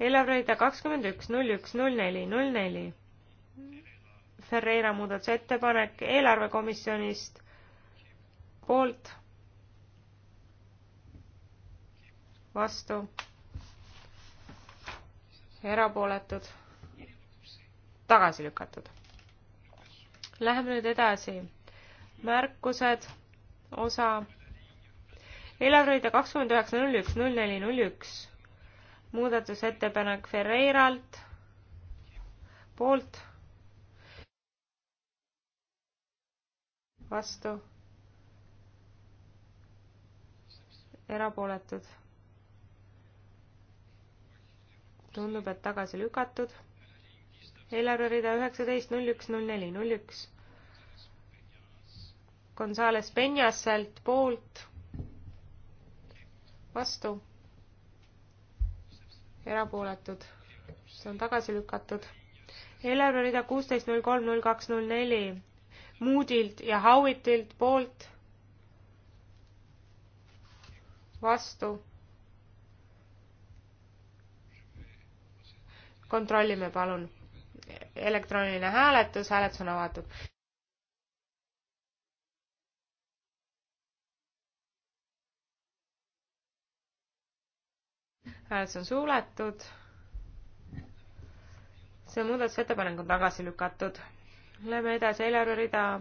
eelarverida kakskümmend üks null üks null neli null neli. Ferreira muudatusettepanek eelarvekomisjonist poolt, vastu, erapooletud, tagasi lükatud. Läheme nüüd edasi. märkused, osa, eelarveide kakskümmend üheksa, null üks, null neli, null üks, muudatusettepanek Ferreiralt, poolt vastu, erapooletud. tundub, et tagasi lükatud. eelarverida üheksateist, null üks, null neli, null üks. Gonzales Penjaselt poolt, vastu, erapooletud, see on tagasi lükatud. eelarverida kuusteist, null kolm, null kaks, null neli, Moodilt ja Howitilt poolt vastu. kontrollime palun. elektrooniline hääletus, hääletus on avatud. hääletus on suletud. see muudatusettepanek on tagasi lükatud. Läheme edasi, eelarverida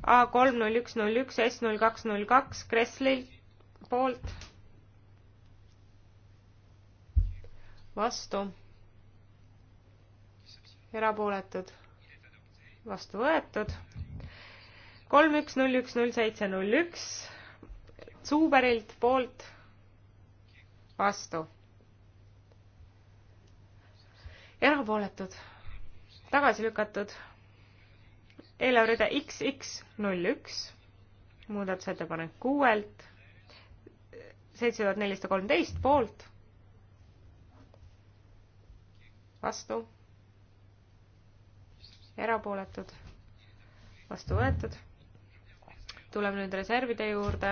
A kolm null üks null üks S null kaks null kaks Kressli poolt. vastu. erapooletud. vastu võetud. kolm üks null üks null seitse null üks Zuberilt poolt. vastu. erapooletud. tagasi lükatud eelarverida XX null üks, muudatusettepanek kuuelt, seitse tuhat nelisada kolmteist poolt, vastu, erapooletud, vastu võetud. tuleme nüüd reservide juurde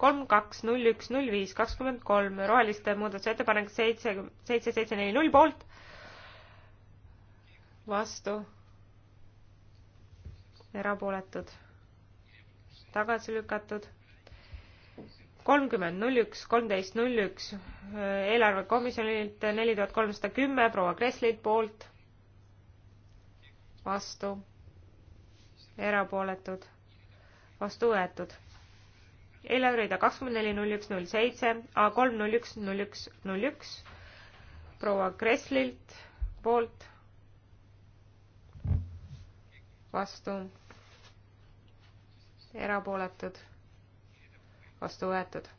kolm, kaks, null, üks, null, viis, kakskümmend kolm, roheliste muudatusettepanek seitse, seitse, seitse, neli, null poolt. vastu, erapooletud, tagasi lükatud. kolmkümmend null üks, kolmteist null üks, eelarvekomisjonilt neli tuhat kolmsada kümme, proua Kreslilt poolt, vastu, erapooletud, vastu võetud. eelarverida kakskümmend neli null üks null seitse, A kolm null üks null üks null üks, proua Kreslilt poolt, vastu erapooletud, vastu võetud.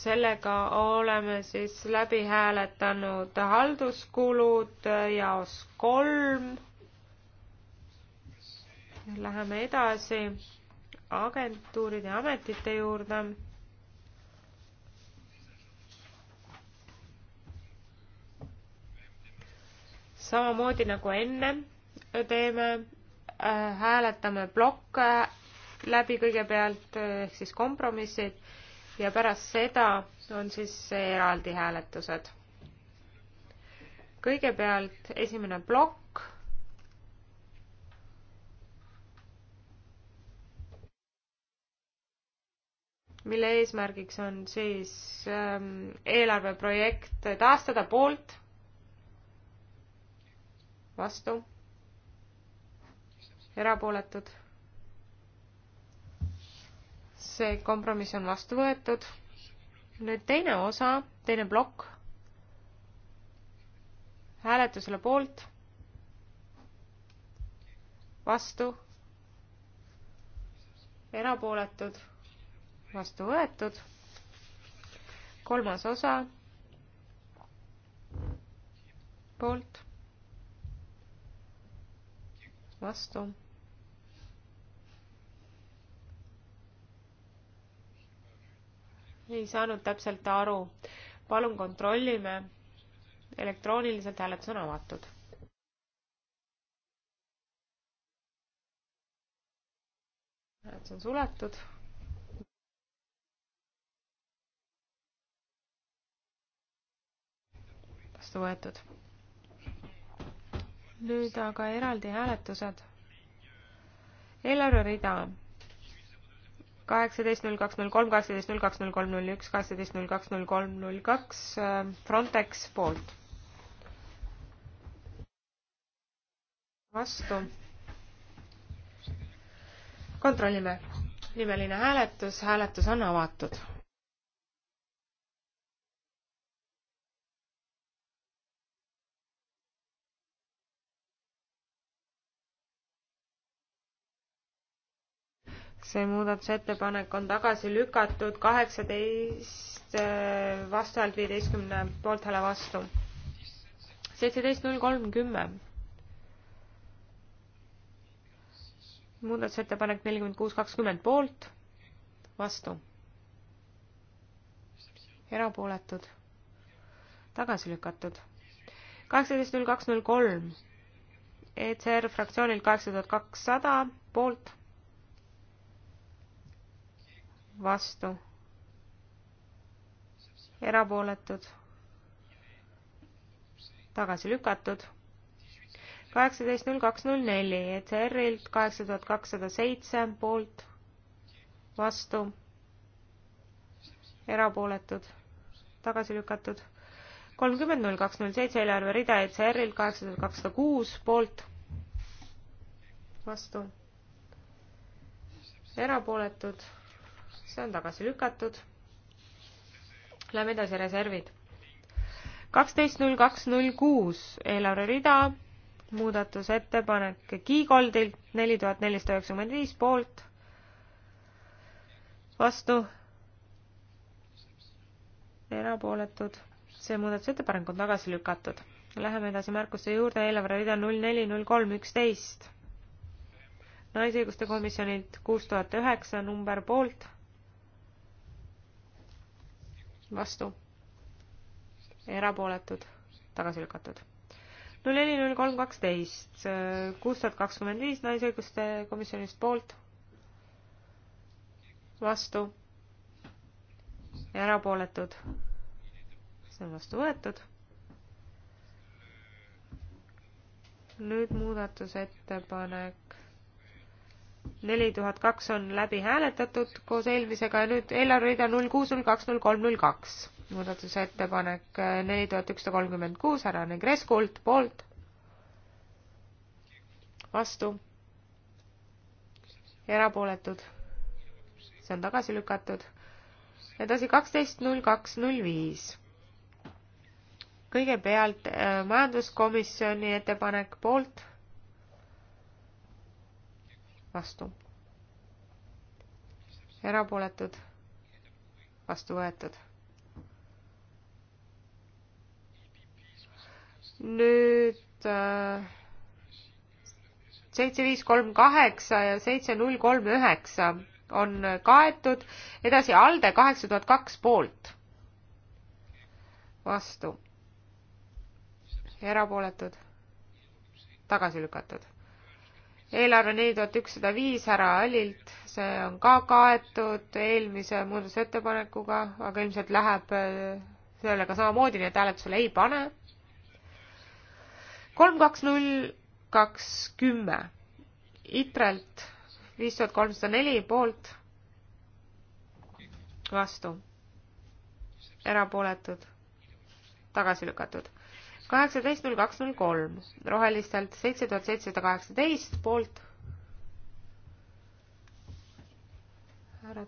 sellega oleme siis läbi hääletanud halduskulud jaos kolm. Läheme edasi agentuuride ja ametite juurde samamoodi nagu enne teeme, äh, hääletame plokke läbi kõigepealt äh, ehk siis kompromissid ja pärast seda on siis eraldi hääletused. kõigepealt esimene plokk. mille eesmärgiks on siis ähm, eelarveprojekt taastada poolt vastu, erapooletud. see kompromiss on vastu võetud. nüüd teine osa, teine plokk. hääletusele poolt, vastu, erapooletud, vastu võetud. kolmas osa, poolt vastu. ei saanud täpselt aru. palun kontrollime. elektrooniliselt hääletus on avatud. hääletus on suletud vastu võetud nüüd aga eraldi hääletused. eelarverida kaheksateist null kaks null kolm, kaheksateist null kaks null kolm null üks, kaheksateist null kaks null kolm null kaks äh, Frontex poolt. vastu. kontrollime. nimeline hääletus, hääletus on avatud see muudatusettepanek on tagasi lükatud kaheksateist äh, vastu häält viieteistkümne poolthääle vastu. seitseteist null kolm kümme. muudatusettepanek nelikümmend kuus kakskümmend poolt, vastu. erapooletud, tagasi lükatud. kaheksateist null kaks null kolm. ECR fraktsioonilt kaheksa tuhat kakssada poolt vastu, erapooletud, tagasi lükatud, kaheksateist null kaks null neli ECR-ilt kaheksa tuhat kakssada seitse poolt, vastu, erapooletud, tagasi lükatud, kolmkümmend null kaks null seitse eelarverida ECR-ilt kaheksa tuhat kakssada kuus poolt, vastu erapooletud see on tagasi lükatud. Läheme edasi, reservid. kaksteist null kaks null kuus eelarverida, muudatusettepanek Kiigoldilt, neli tuhat nelisada üheksakümmend viis poolt, vastu, erapooletud. see muudatusettepanek on tagasi lükatud. Läheme edasi märkuste juurde, eelarverida null neli null kolm üksteist naisõiguste komisjonilt kuus tuhat üheksa number poolt vastu, erapooletud, tagasi lükatud. null neli, null kolm, kaksteist, kuus tuhat kakskümmend viis Naisõiguste komisjonist poolt, vastu, erapooletud, see on vastu võetud. nüüd muudatusettepanek neli tuhat kaks on läbi hääletatud koos eelmisega ja nüüd eelarverida null kuus null kaks null kolm null kaks muudatusettepanek äh, neli tuhat ükssada kolmkümmend kuus härra Negreskult poolt vastu erapooletud see on tagasi lükatud edasi kaksteist null kaks null viis kõigepealt äh, majanduskomisjoni ettepanek poolt vastu. erapooletud, vastu võetud. nüüd äh, seitse, viis, kolm, kaheksa ja seitse, null, kolm, üheksa on kaetud, edasi ALDE kaheksa tuhat kaks poolt, vastu, erapooletud, tagasi lükatud eelarve neli tuhat ükssada viis härra Allilt, see on ka kaetud eelmise muudatusettepanekuga, aga ilmselt läheb äh, sellega samamoodi, nii et hääletusele ei pane. kolm, kaks, null, kaks, kümme. Itrelt viis tuhat kolmsada neli poolt, vastu, erapooletud, tagasi lükatud kaheksateist null kaks null kolm rohelistelt seitse tuhat seitsesada kaheksateist poolt. härra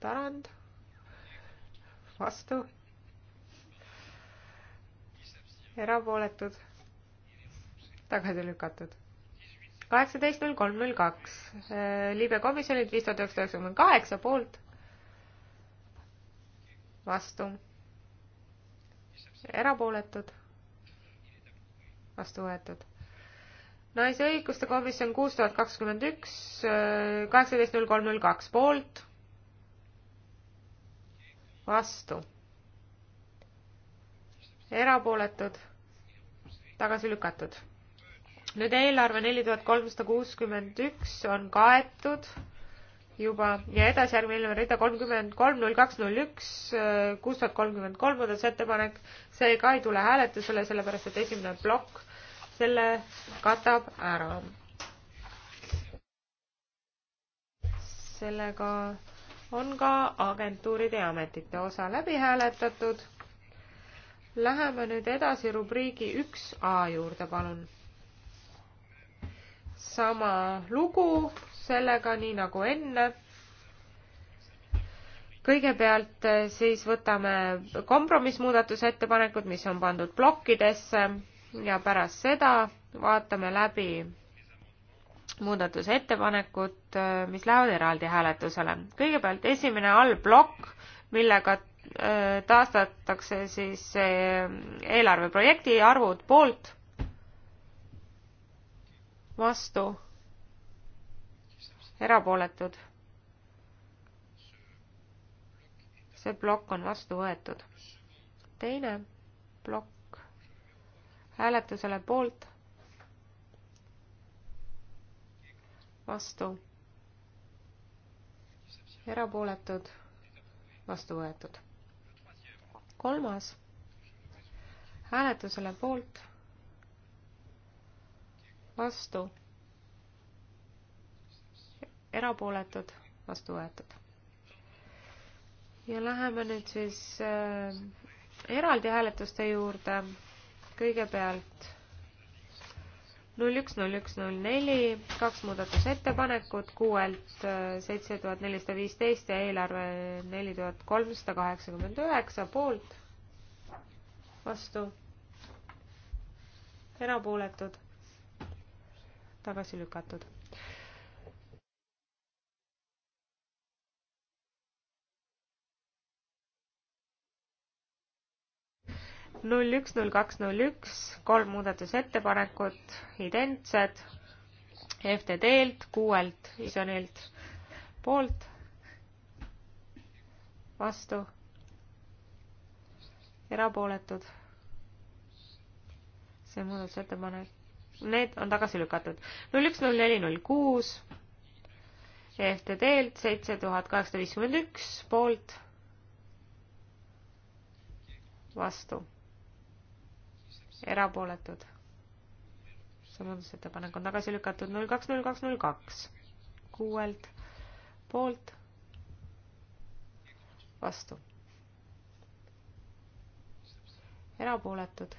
Tarand vastu. erapooletud, tagasi lükatud kaheksateist null kolm null kaks. Äh, liibe komisjonid viis tuhat üheksasada üheksakümmend kaheksa poolt. vastu. erapooletud vastu võetud. naise õiguste komisjon kuus tuhat kakskümmend üks, kaheksateist null kolm null kaks poolt, vastu, erapooletud, tagasi lükatud. nüüd eelarve neli tuhat kolmsada kuuskümmend üks on kaetud juba ja edasijärgmine eelarve rida kolmkümmend kolm null kaks null üks kuus tuhat kolmkümmend kolm muudatusettepanek, see ka ei tule hääletusele, sellepärast et esimene plokk selle katab ära. sellega on ka agentuuride ja ametite osa läbi hääletatud. Läheme nüüd edasi rubriigi üks A juurde, palun. sama lugu sellega, nii nagu enne kõigepealt eh, siis võtame kompromissmuudatusettepanekud, mis on pandud plokkidesse ja pärast seda vaatame läbi muudatusettepanekud, äh, mis lähevad eraldi hääletusele. kõigepealt esimene allplokk, millega äh, taastatakse siis äh, eelarveprojekti arvud poolt, vastu, erapooletud. see plokk on vastu võetud. teine plokk hääletusele poolt, vastu, erapooletud, vastu võetud. kolmas, hääletusele poolt, vastu, erapooletud, vastu võetud. ja läheme nüüd siis äh, eraldi hääletuste juurde kõigepealt null üks, null üks, null neli, kaks muudatusettepanekut, kuuelt äh, seitse tuhat nelisada viisteist ja eelarve neli tuhat kolmsada kaheksakümmend üheksa poolt, vastu, erapooletud, tagasi lükatud null üks, null kaks, null üks, kolm muudatusettepanekut, identsed, FTD-lt, kuuelt, Isonilt, poolt, vastu, erapooletud. see muudatusettepanek, need on tagasi lükatud. null üks, null neli, null kuus, EFTD-lt seitse tuhat kaheksasada viiskümmend üks poolt, vastu erapooletud. see muudatusettepanek on tagasi lükatud null kaks, null kaks, null kaks. kuuelt poolt, vastu. erapooletud.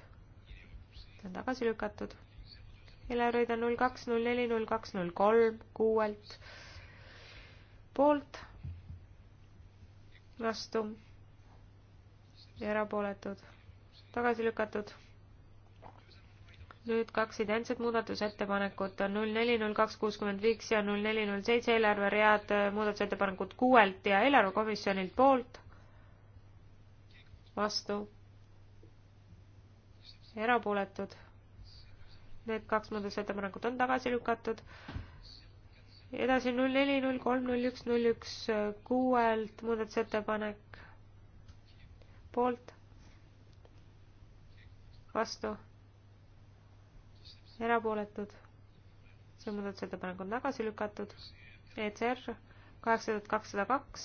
see on tagasi lükatud. eelarveid on null kaks, null neli, null kaks, null kolm, kuuelt poolt, vastu ja erapooletud tagasi lükatud nüüd kaks identset muudatusettepanekut on null neli, null kaks, kuuskümmend viis ja null neli, null seitse eelarveread muudatusettepanekud kuuelt ja eelarvekomisjonilt poolt. vastu. erapooletud. Need kaks muudatusettepanekut on tagasi lükatud. edasi null neli, null kolm, null üks, null üks kuuelt muudatusettepanek poolt. vastu erapooletud, see muudatusettepanek on tagasi lükatud, ECR kaheksa tuhat kakssada kaks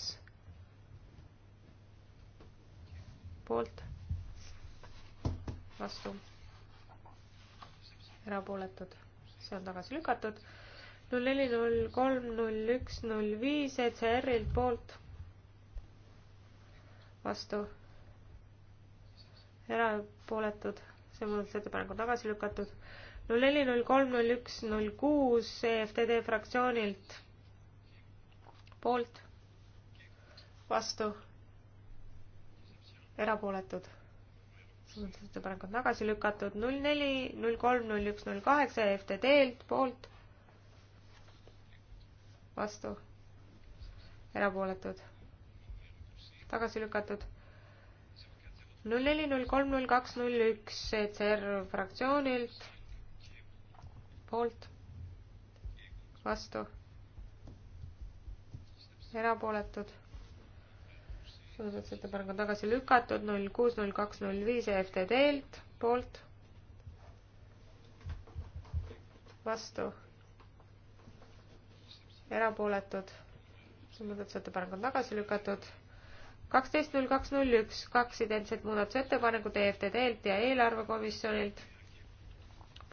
poolt, vastu, erapooletud, see on tagasi lükatud, null neli, null kolm, null üks, null viis ECR-ilt poolt, vastu, erapooletud see muudatusettepanek on tagasi lükatud null neli, null kolm, null üks, null kuus EFTD fraktsioonilt. poolt, vastu, erapooletud. muudatusettepanek on tagasi lükatud, null neli, null kolm, null üks, null kaheksa EFTD-lt, poolt, vastu, erapooletud, tagasi lükatud null neli, null kolm, null kaks, null üks e CCR fraktsioonilt poolt, vastu, erapooletud muudatusettepanek on tagasi lükatud null kuus null kaks null viis EFTD-lt poolt vastu erapooletud see muudatusettepanek on tagasi lükatud kaksteist null kaks null üks kaks identset muudatusettepanekut EFTD-lt ja eelarvekomisjonilt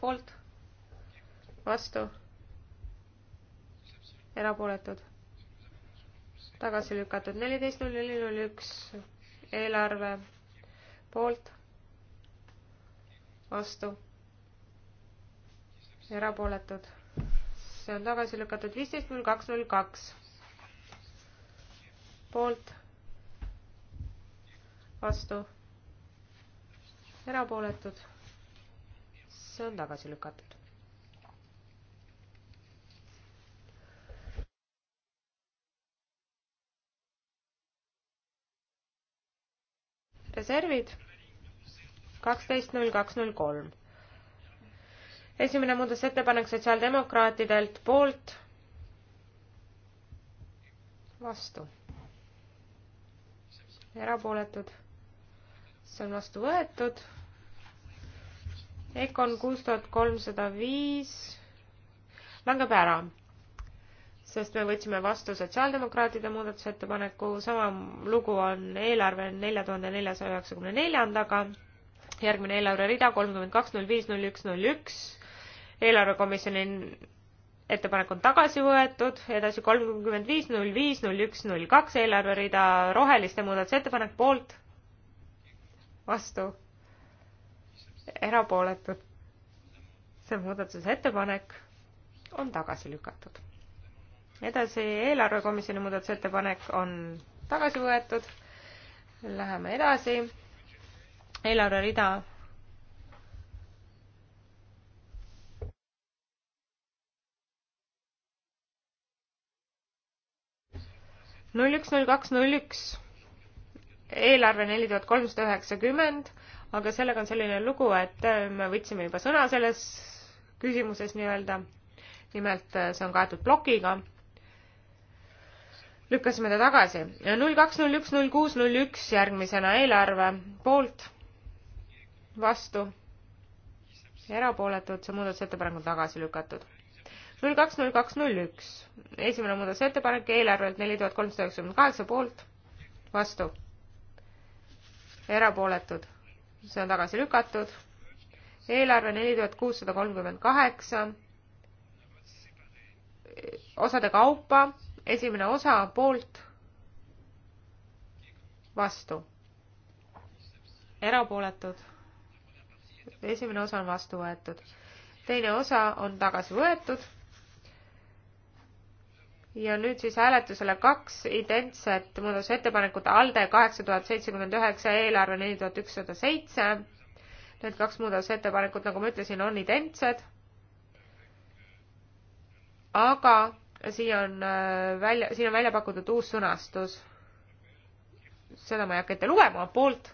poolt vastu, erapooletud, tagasi lükatud neliteist null neli null üks, eelarve poolt, vastu, erapooletud, see on tagasi lükatud viisteist null kaks null kaks, poolt, vastu, erapooletud, see on tagasi lükatud reservid kaksteist null kaks null kolm. esimene muudatusettepanek sotsiaaldemokraatidelt poolt, vastu, erapooletud, see on vastu võetud. Econ kuus tuhat kolmsada viis langeb ära sest me võtsime vastu sotsiaaldemokraatide muudatusettepaneku, sama lugu on eelarve nelja tuhande neljasaja üheksakümne neljandaga, järgmine eelarverida kolmkümmend kaks null viis null üks null üks, eelarvekomisjoni ettepanek on tagasi võetud, edasi kolmkümmend viis null viis null üks null kaks eelarverida, roheliste muudatusettepanek poolt, vastu, erapooletud. see muudatusettepanek on tagasi lükatud edasi, eelarvekomisjoni muudatusettepanek on tagasi võetud. Läheme edasi. eelarverida null üks, null kaks, null üks, eelarve neli tuhat kolmsada üheksakümmend, aga sellega on selline lugu, et äh, me võtsime juba sõna selles küsimuses nii-öelda. nimelt äh, see on kaetud plokiga lükkasime ta tagasi. null kaks, null üks, null kuus, null üks järgmisena eelarve poolt, vastu, erapooletud, see muudatusettepanek on tagasi lükatud. null kaks, null kaks, null üks, esimene muudatusettepanek eelarvelt neli tuhat kolmsada üheksakümmend kaheksa poolt, vastu, erapooletud, see on tagasi lükatud. eelarve neli tuhat kuussada kolmkümmend kaheksa, osade kaupa esimene osa poolt, vastu, erapooletud. esimene osa on vastu võetud, teine osa on tagasi võetud. ja nüüd siis hääletusele kaks identset muudatusettepanekut, ALDE kaheksa tuhat seitsekümmend üheksa, eelarve neli tuhat ükssada seitse. Need kaks muudatusettepanekut, nagu ma ütlesin, on identsed. aga siia on äh, välja, siin on välja pakutud uus sõnastus. seda ma ei hakka ette lugema, poolt.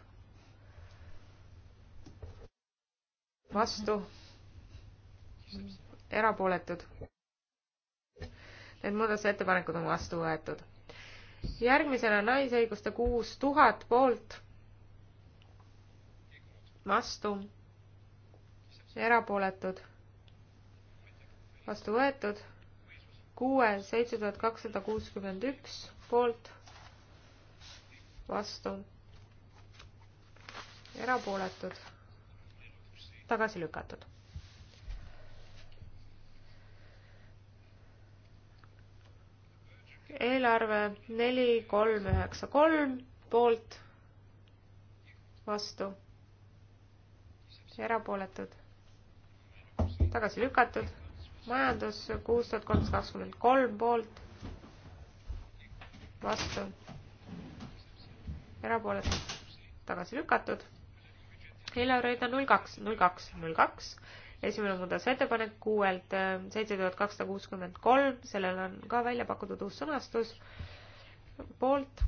vastu. erapooletud. Need muudatusettepanekud on vastu võetud. järgmisena naisõiguste kuus tuhat poolt. vastu. erapooletud. vastu võetud kuue, seitse tuhat kakssada kuuskümmend üks poolt, vastu, erapooletud, tagasi lükatud. eelarve neli, kolm, üheksa, kolm poolt, vastu, erapooletud, tagasi lükatud majandus kuus tuhat kolmsada kakskümmend kolm poolt, vastu, erapooletud, tagasi lükatud. eelarveid on null kaks, null kaks, null kaks, esimene muudatusettepanek kuuelt äh, seitse tuhat kakssada kuuskümmend kolm, sellel on ka välja pakutud uus sõnastus, poolt,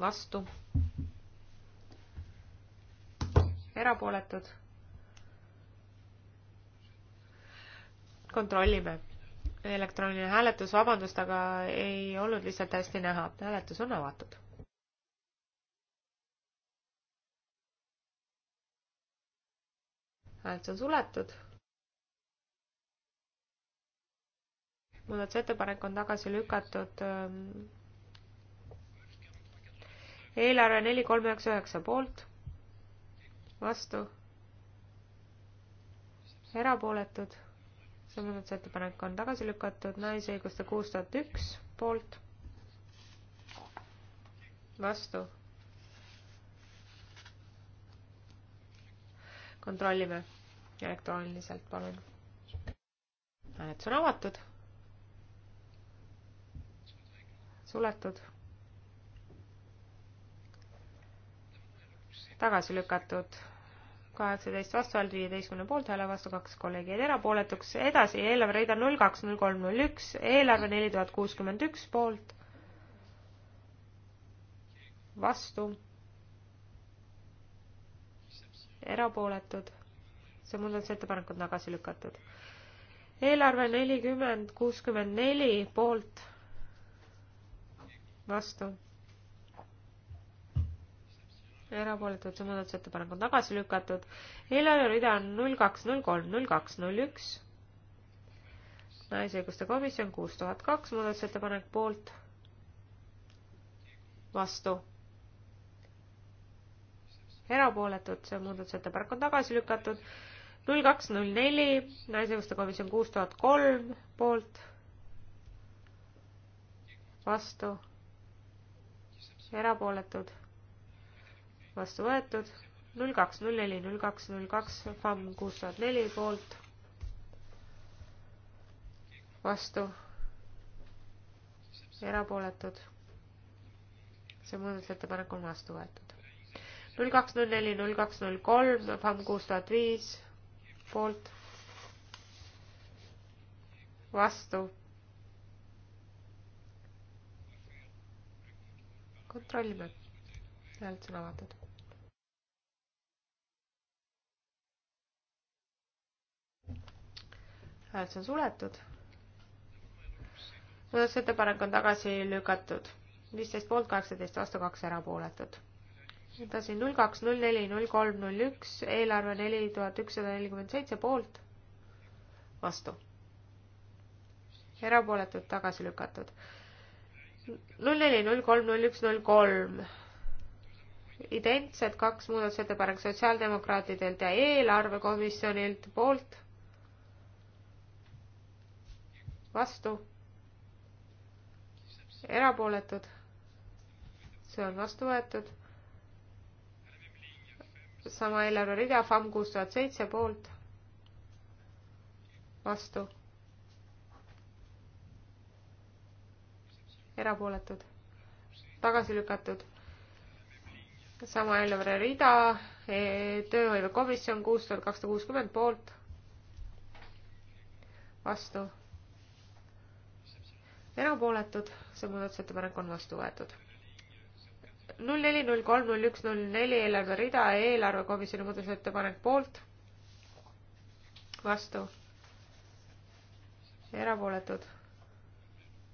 vastu, erapooletud kontrollime. elektrooniline hääletus, vabandust, aga ei olnud lihtsalt hästi näha. hääletus on avatud. hääletus on suletud. muudatusettepanek on tagasi lükatud ähm, eelarve neli, kolm, üheksa, üheksa poolt, vastu, erapooletud see muudatusettepanek on tagasi lükatud, naisõiguste kuus tuhat üks poolt, vastu. kontrollime elektrooniliselt, palun. hääletus on avatud. suletud. tagasi lükatud kaheksateist vastu, ainult viieteistkümne poolthääle vastu, kaks kolleegi jäid erapooletuks. edasi, eelarverida null kaks, null kolm, null üks, eelarve neli tuhat kuuskümmend üks poolt, vastu, erapooletud. see muudatusettepanek on tagasi lükatud. eelarve nelikümmend kuuskümmend neli poolt, vastu erapooletud, see muudatusettepanek on tagasi lükatud. eelarverida on null kaks, null kolm, null kaks, null üks. naisõiguste komisjon kuus tuhat kaks, muudatusettepanek poolt, vastu, erapooletud, see muudatusettepanek on tagasi lükatud. null kaks, null neli, naisõiguste komisjon kuus tuhat kolm, poolt, vastu, erapooletud vastu võetud, null kaks, null neli, null kaks, null kaks, FAM kuus tuhat neli poolt, vastu, erapooletud. see muudatusettepanek on vastu võetud. null kaks, null neli, null kaks, null kolm, FAM kuus tuhat viis poolt, vastu kontrollime. häält on avatud. hääletus on suletud. muudatusettepanek on tagasi lükatud, viisteist poolt, kaheksateist vastu, kaks erapooletut. edasi null kaks, null neli, null kolm, null üks, eelarve neli tuhat ükssada nelikümmend seitse poolt, vastu. erapooletud, tagasi lükatud. null neli, null kolm, null üks, null kolm identsed kaks muudatusettepanek sotsiaaldemokraatidelt ja eelarvekomisjonilt poolt vastu, erapooletud, see on vastu võetud. sama eelarverida, FAM kuus tuhat seitse poolt, vastu, erapooletud, tagasi lükatud sama eelarve rida e, tööhõivekomisjon kuus tuhat kakssada kuuskümmend poolt, vastu erapooletud, see muudatusettepanek on vastu võetud. null neli, null kolm, null üks, null neli eelarverida, eelarvekomisjoni muudatusettepanek poolt, vastu, erapooletud,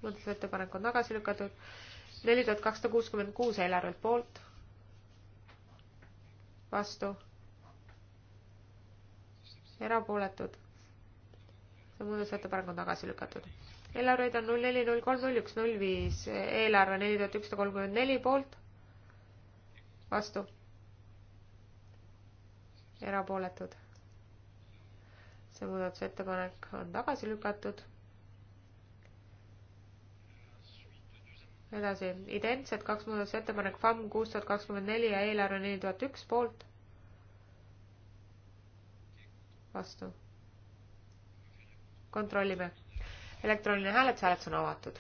muudatusettepanek on tagasi lükatud, neli tuhat kakssada kuuskümmend kuus eelarvelt poolt, vastu, erapooletud, see muudatusettepanek on tagasi lükatud eelarveid on null neli, null kolm, null üks, null viis, eelarve neli tuhat ükssada kolmkümmend neli poolt, vastu, erapooletud. see muudatusettepanek on tagasi lükatud. edasi, identsed kaks muudatusettepanek, FAM kuus tuhat kakskümmend neli ja eelarve neli tuhat üks poolt, vastu. kontrollime elektrooniline hääletus, hääletus on avatud.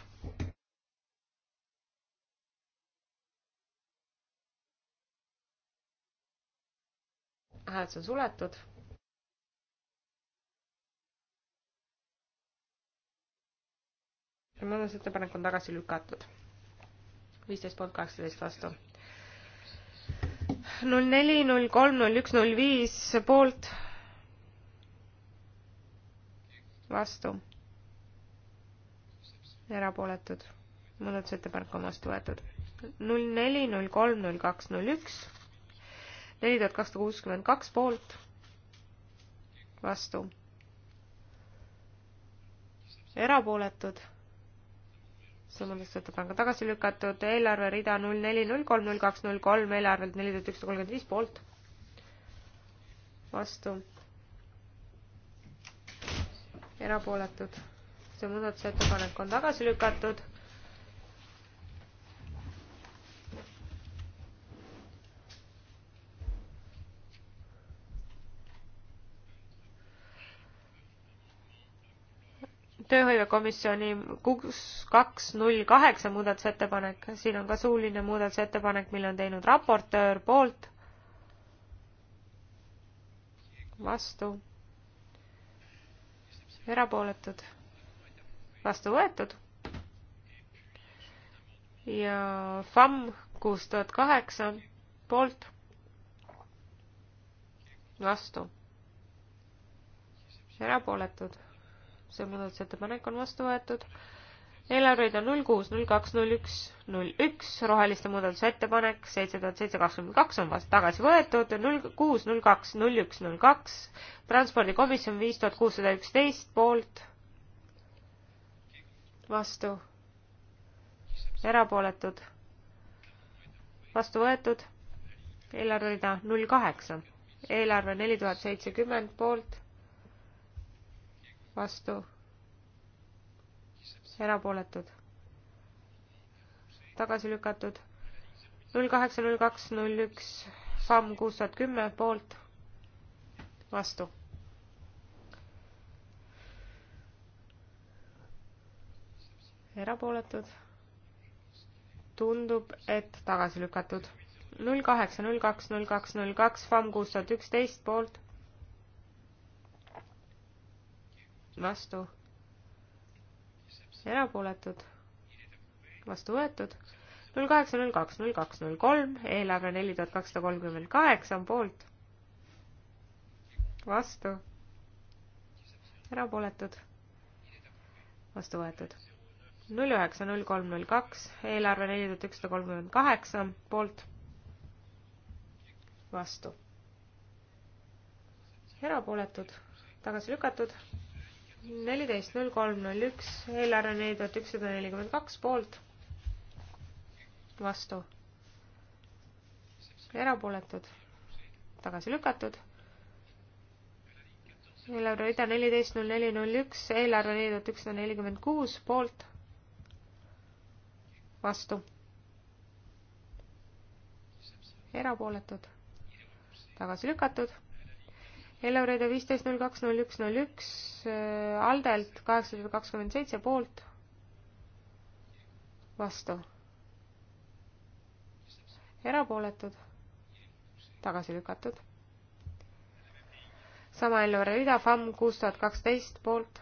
hääletus on suletud. muudatusettepanek on tagasi lükatud. viisteist poolt kaheksateist vastu. null neli, null kolm, null üks, null viis poolt. vastu erapooletud, muudatusettepanek on vastu võetud. null neli, null kolm, null kaks, null üks, neli tuhat kakssada kuuskümmend kaks poolt, vastu, erapooletud, see muudatusettepanek on tagasi lükatud, eelarverida null neli, null kolm, null kaks, null kolm, eelarvelt neli tuhat ükssada kolmkümmend viis poolt, vastu, erapooletud see muudatusettepanek on tagasi lükatud. tööhõivekomisjoni kuus, kaks, null kaheksa muudatusettepanek, siin on ka suuline muudatusettepanek, mille on teinud raportöör poolt vastu, erapooletud vastu võetud. ja FAM kuus tuhat kaheksa poolt, vastu, erapooletud. see muudatusettepanek on vastu võetud. eelarveid on null kuus, null kaks, null üks, null üks, roheliste muudatusettepanek seitse tuhat seitse kakskümmend kaks on vast tagasi võetud, null kuus, null kaks, null üks, null kaks, transpordikomisjon viis tuhat kuussada üksteist poolt vastu, erapooletud, vastu võetud, eelarverida null kaheksa, eelarve neli tuhat seitsekümmend poolt, vastu, erapooletud, tagasi lükatud, null kaheksa, null kaks, null üks, FAM kuus tuhat kümme poolt, vastu erapooletud. tundub, et tagasi lükatud. null kaheksa, null kaks, null kaks, null kaks, FAM kuus tuhat üksteist poolt. vastu. erapooletud. vastu võetud. null kaheksa, null kaks, null kaks, null kolm, eelarve neli tuhat kakssada kolmkümmend kaheksa on poolt. vastu. erapooletud vastu võetud null üheksa, null kolm, null kaks, eelarve neli tuhat ükssada kolmkümmend kaheksa, poolt, vastu. erapooletud, tagasi lükatud, neliteist, null kolm, null üks, eelarve neli tuhat ükssada nelikümmend kaks, poolt, vastu. erapooletud, tagasi lükatud eelarve rida neliteist null neli null üks, eelarve neli tuhat ükssada nelikümmend kuus, poolt, vastu, erapooletud, tagasi lükatud. Eloride viisteist null kaks null üks null üks, äh, Aldelt kaheksasada kakskümmend seitse poolt, vastu, erapooletud, tagasi lükatud. sama Elore rida, FAM kuus tuhat kaksteist poolt,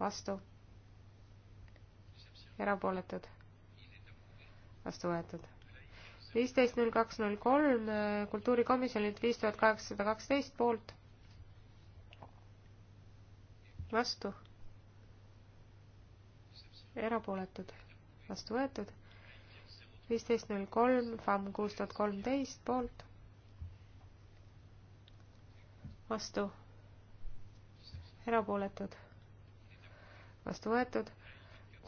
vastu erapooletud, vastu võetud. viisteist null kaks null kolm, kultuurikomisjonilt viis tuhat kaheksasada kaksteist poolt, vastu, erapooletud, vastu võetud. viisteist null kolm, FAM kuus tuhat kolmteist poolt, vastu, erapooletud, vastu võetud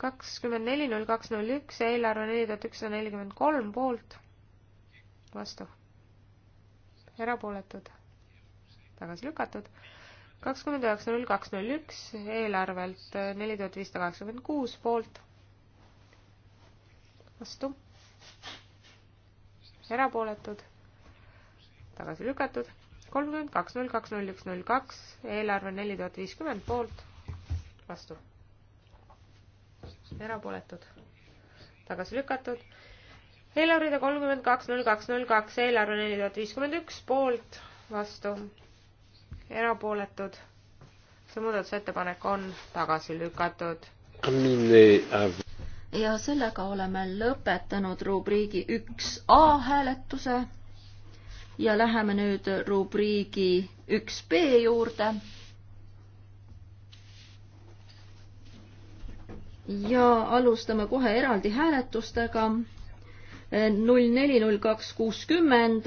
kakskümmend neli, null kaks, null üks, eelarve neli tuhat ükssada nelikümmend kolm poolt, vastu, erapooletud, tagasi lükatud, kakskümmend üheksa, null kaks, null üks, eelarvelt äh, neli tuhat viissada kaheksakümmend kuus poolt, vastu, erapooletud, tagasi lükatud, kolmkümmend kaks, null kaks, null üks, null kaks, eelarve neli tuhat viiskümmend poolt, vastu erapooletud, tagasi lükatud. eelarve kolmkümmend kaks, null kaks, null kaks, eelarve neli tuhat viiskümmend üks, poolt, vastu, erapooletud. see muudatusettepanek on tagasi lükatud. ja sellega oleme lõpetanud rubriigi üks A hääletuse ja läheme nüüd rubriigi üks B juurde ja alustame kohe eraldi hääletustega. Eh, null neli, null kaks, kuuskümmend.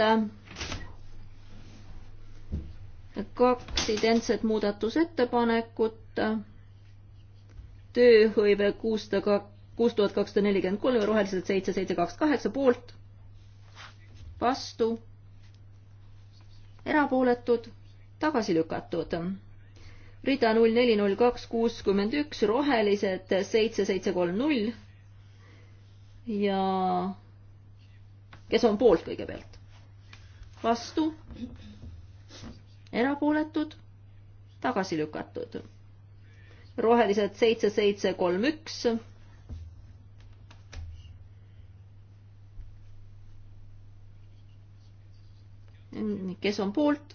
kaks identset muudatusettepanekut. tööhõive kuussada, kuus tuhat kakssada nelikümmend kolm ja rohelised seitse, seitse, kaks, kaheksa poolt. vastu. erapooletud, tagasi lükatud rida null neli null kaks kuuskümmend üks, rohelised seitse, seitse, kolm, null. ja kes on poolt kõigepealt? vastu, erapooletud, tagasi lükatud. rohelised seitse, seitse, kolm, üks kes on poolt,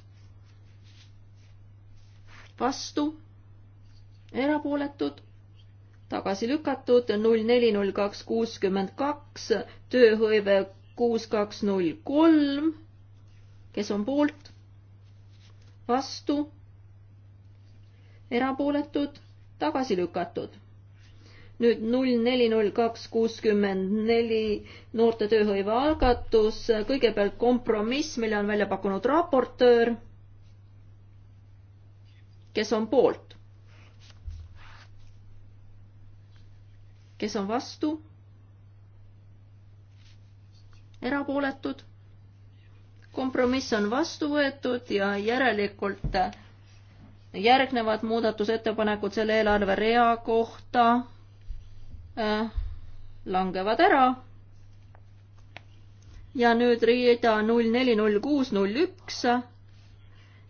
vastu, erapooletud, tagasi lükatud, null neli, null kaks, kuuskümmend kaks, tööhõive kuus, kaks, null kolm, kes on poolt, vastu, erapooletud, tagasi lükatud nüüd null neli null kaks kuuskümmend neli noorte tööhõive algatus, kõigepealt kompromiss, mille on välja pakkunud raportöör kes on poolt? kes on vastu? erapooletud? kompromiss on vastu võetud ja järelikult järgnevad muudatusettepanekud selle eelarverea kohta äh, langevad ära. ja nüüd rida null neli, null kuus, null üks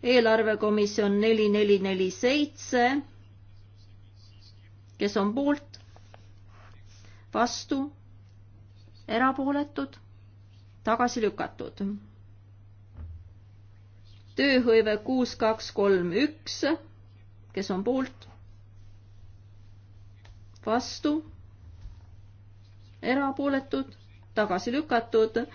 eelarvekomisjon neli, neli, neli, seitse. kes on poolt? vastu? erapooletud? tagasi lükatud? tööhõive kuus, kaks, kolm, üks. kes on poolt? vastu? erapooletud? tagasi lükatud?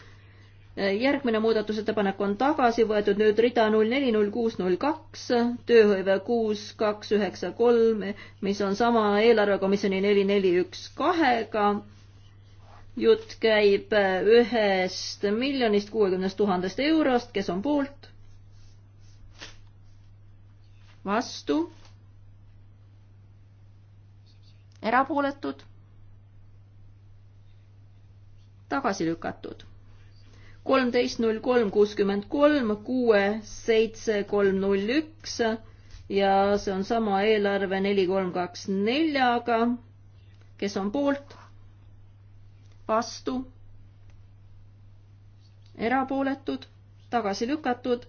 järgmine muudatusettepanek on tagasi võetud, nüüd rida null neli null kuus null kaks, tööhõive kuus kaks üheksa kolm, mis on sama eelarvekomisjoni neli neli üks kahega. jutt käib äh, ühest miljonist kuuekümnest tuhandest eurost, kes on poolt? vastu? erapooletud? tagasi lükatud kolmteist null kolm kuuskümmend kolm, kuue seitse kolm null üks ja see on sama eelarve neli kolm kaks neljaga. kes on poolt? vastu? erapooletud? tagasi lükatud?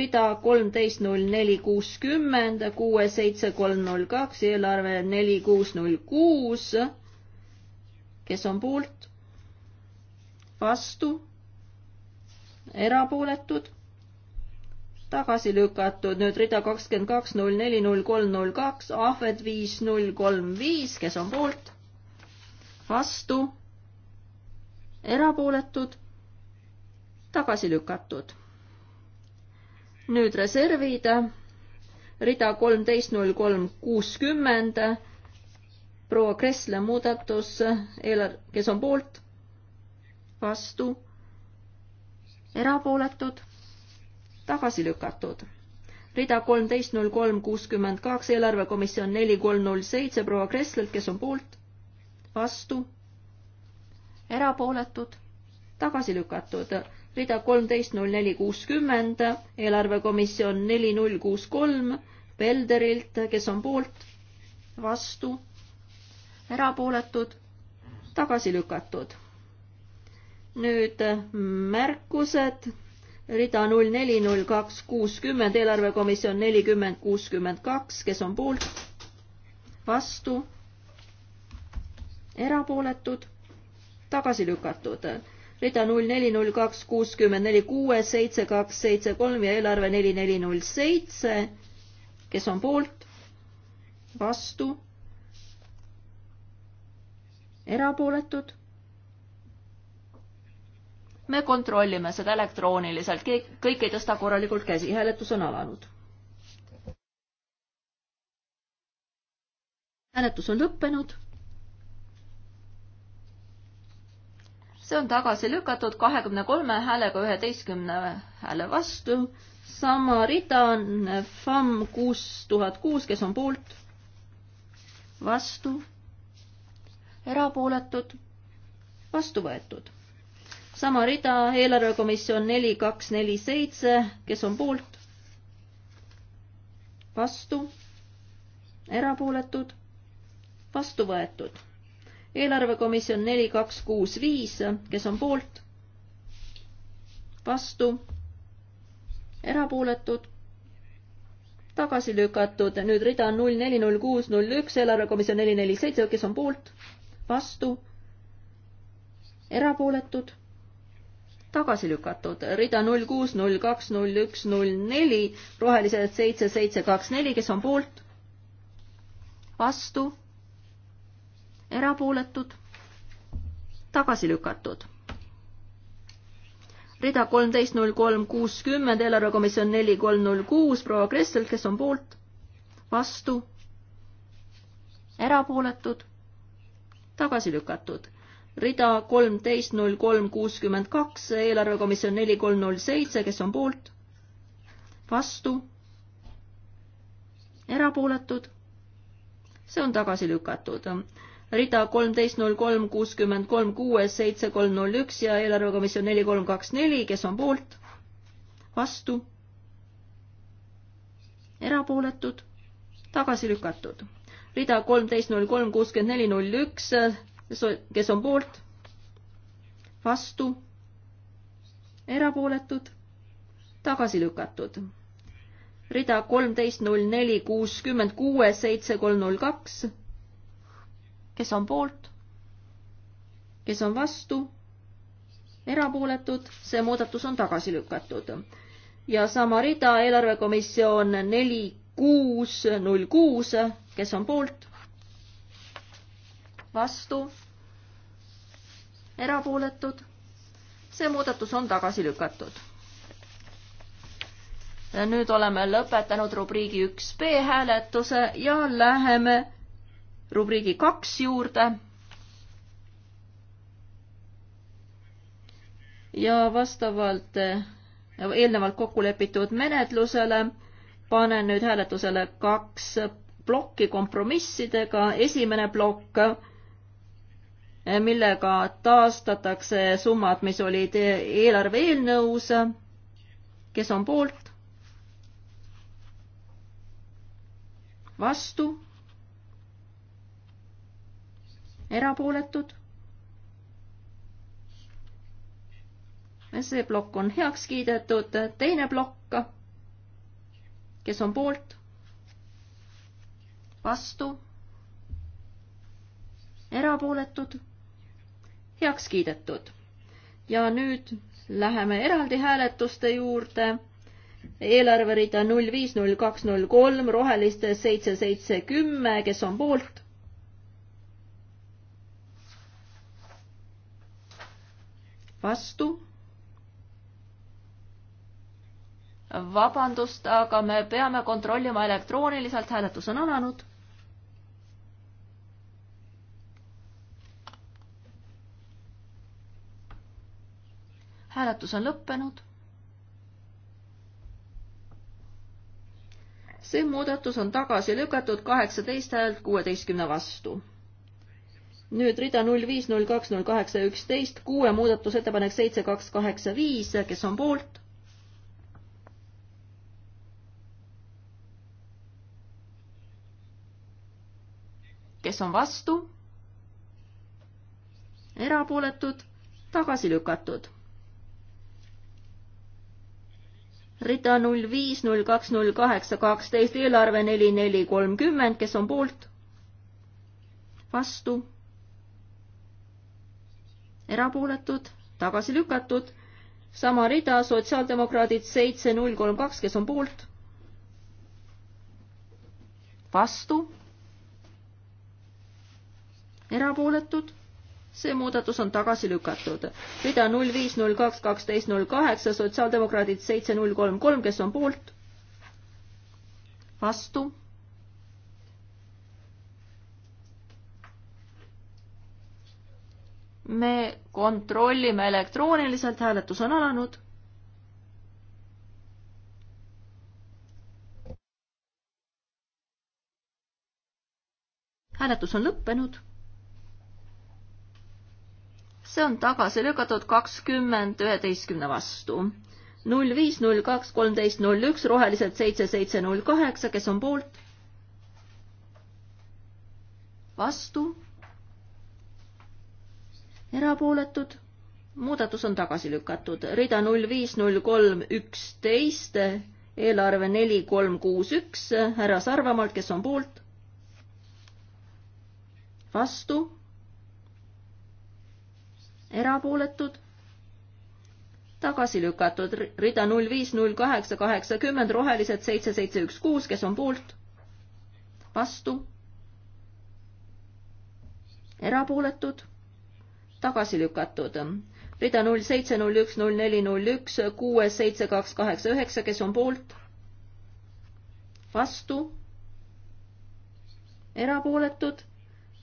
rida kolmteist null neli kuuskümmend, kuue seitse kolm null kaks, eelarve neli kuus null kuus. kes on poolt? vastu? erapooletud, tagasi lükatud, nüüd rida kakskümmend kaks, null neli, null kolm, null kaks, ahved viis, null kolm, viis, kes on poolt, vastu, erapooletud, tagasi lükatud. nüüd reservid, rida kolmteist, null kolm, kuuskümmend, proua Kressle muudatus, eelar-, kes on poolt, vastu erapooletud, tagasi lükatud. rida kolmteist null kolm kuuskümmend kaks, eelarvekomisjon neli kolm null seitse, proua Kresslelt, kes on poolt, vastu, erapooletud, tagasi lükatud. rida kolmteist null neli kuuskümmend, eelarvekomisjon neli null kuus kolm, Pelderilt, kes on poolt, vastu, erapooletud, tagasi lükatud nüüd äh, märkused, rida null neli, null kaks, kuuskümmend, eelarvekomisjon nelikümmend, kuuskümmend kaks, kes on poolt, vastu, erapooletud, tagasi lükatud. rida null neli, null kaks, kuuskümmend neli, kuues, seitse, kaks, seitse, kolm ja eelarve neli, neli, null seitse, kes on poolt, vastu, erapooletud me kontrollime seda elektrooniliselt, kõik ei tõsta korralikult käsi, hääletus on alanud. hääletus on lõppenud. see on tagasi lükatud kahekümne kolme häälega üheteistkümne hääle vastu. sama rida on FAM kuus tuhat kuus, kes on poolt, vastu, erapooletud, vastu võetud sama rida, eelarvekomisjon neli, kaks, neli, seitse, kes on poolt? vastu? erapooletud? vastu võetud. eelarvekomisjon neli, kaks, kuus, viis, kes on poolt? vastu? erapooletud? tagasi lükatud, nüüd rida null neli null kuus null üks, eelarvekomisjon neli neli seitse, kes on poolt, vastu, erapooletud tagasi lükatud. rida null kuus, null kaks, null üks, null neli, rohelised seitse, seitse, kaks, neli, kes on poolt? vastu? erapooletud? tagasi lükatud. rida kolmteist, null kolm, kuuskümmend, eelarvekomisjon neli, kolm, null kuus, proua Kressel, kes on poolt? vastu? erapooletud? tagasi lükatud rida kolmteist null kolm kuuskümmend kaks, eelarvekomisjon neli kolm null seitse, kes on poolt? vastu? erapooletud? see on tagasi lükatud. rida kolmteist null kolm kuuskümmend kolm kuues seitse kolm null üks ja eelarvekomisjon neli kolm kaks neli, kes on poolt? vastu? erapooletud? tagasi lükatud. rida kolmteist null kolm kuuskümmend neli null üks kes on poolt, vastu, erapooletud, tagasi lükatud. rida kolmteist, null neli, kuuskümmend kuue, seitse, kolm, null kaks. kes on poolt, kes on vastu, erapooletud, see muudatus on tagasi lükatud. ja sama rida, eelarvekomisjon neli, kuus, null kuus, kes on poolt vastu, erapooletud. see muudatus on tagasi lükatud. nüüd oleme lõpetanud rubriigi üks B hääletuse ja läheme rubriigi kaks juurde. ja vastavalt eelnevalt kokku lepitud menetlusele panen nüüd hääletusele kaks plokki kompromissidega. esimene plokk Eh, millega taastatakse summad, mis olid eelarve eelnõus. kes on poolt? vastu? erapooletud? see plokk on heaks kiidetud, teine plokk, kes on poolt? vastu? erapooletud? heaks kiidetud. ja nüüd läheme eraldi hääletuste juurde. eelarverida null viis, null kaks, null kolm, roheliste seitse, seitse, kümme, kes on poolt? vastu? vabandust, aga me peame kontrollima elektrooniliselt, hääletus on alanud hääletus on lõppenud. see muudatus on tagasi lükatud kaheksateist häält kuueteistkümne vastu. nüüd rida null viis, null kaks, null kaheksa, üksteist, kuue muudatusettepanek seitse, kaks, kaheksa, viis, kes on poolt? kes on vastu? erapooletud, tagasi lükatud rida null viis, null kaks, null kaheksa, kaksteist, eelarve neli, neli, kolmkümmend, kes on poolt? vastu? erapooletud? tagasi lükatud? sama rida, sotsiaaldemokraadid seitse, null, kolm, kaks, kes on poolt? vastu? erapooletud? see muudatus on tagasi lükatud. rida null viis, null kaks, kaksteist, null kaheksa, sotsiaaldemokraadid seitse, null kolm, kolm, kes on poolt? vastu? me kontrollime elektrooniliselt, hääletus on alanud. hääletus on lõppenud see on tagasi lükatud kakskümmend üheteistkümne vastu. null viis, null kaks, kolmteist, null üks, rohelised seitse, seitse, null kaheksa, kes on poolt? vastu? erapooletud? muudatus on tagasi lükatud. rida null viis, null kolm, üksteist, eelarve neli, kolm, kuus, üks, härra Sarvamaalt, kes on poolt? vastu? erapooletud, tagasi lükatud rida null viis, null kaheksa, kaheksakümmend, rohelised seitse, seitse, üks, kuus, kes on poolt, vastu, erapooletud, tagasi lükatud rida null seitse, null üks, null neli, null üks, kuues, seitse, kaks, kaheksa, üheksa, kes on poolt? vastu? erapooletud?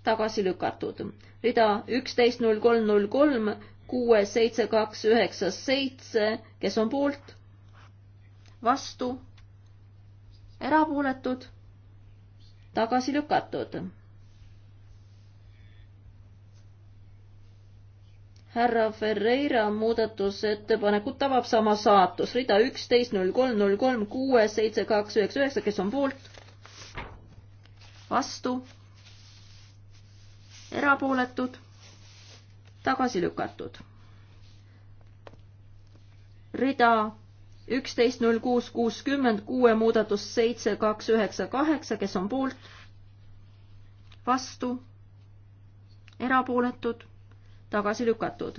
tagasi lükatud. rida üksteist null kolm null kolm, kuues, seitse, kaks, üheksa, seitse, kes on poolt? vastu? erapooletud? tagasi lükatud. härra Ferreira muudatusettepanekut tabab sama saatus, rida üksteist, null kolm, null kolm, kuues, seitse, kaks, üheksa, üheksa, kes on poolt? vastu? erapooletud, tagasi lükatud. rida üksteist null kuus kuuskümmend kuue muudatus seitse kaks üheksa kaheksa, kes on poolt, vastu, erapooletud, tagasi lükatud.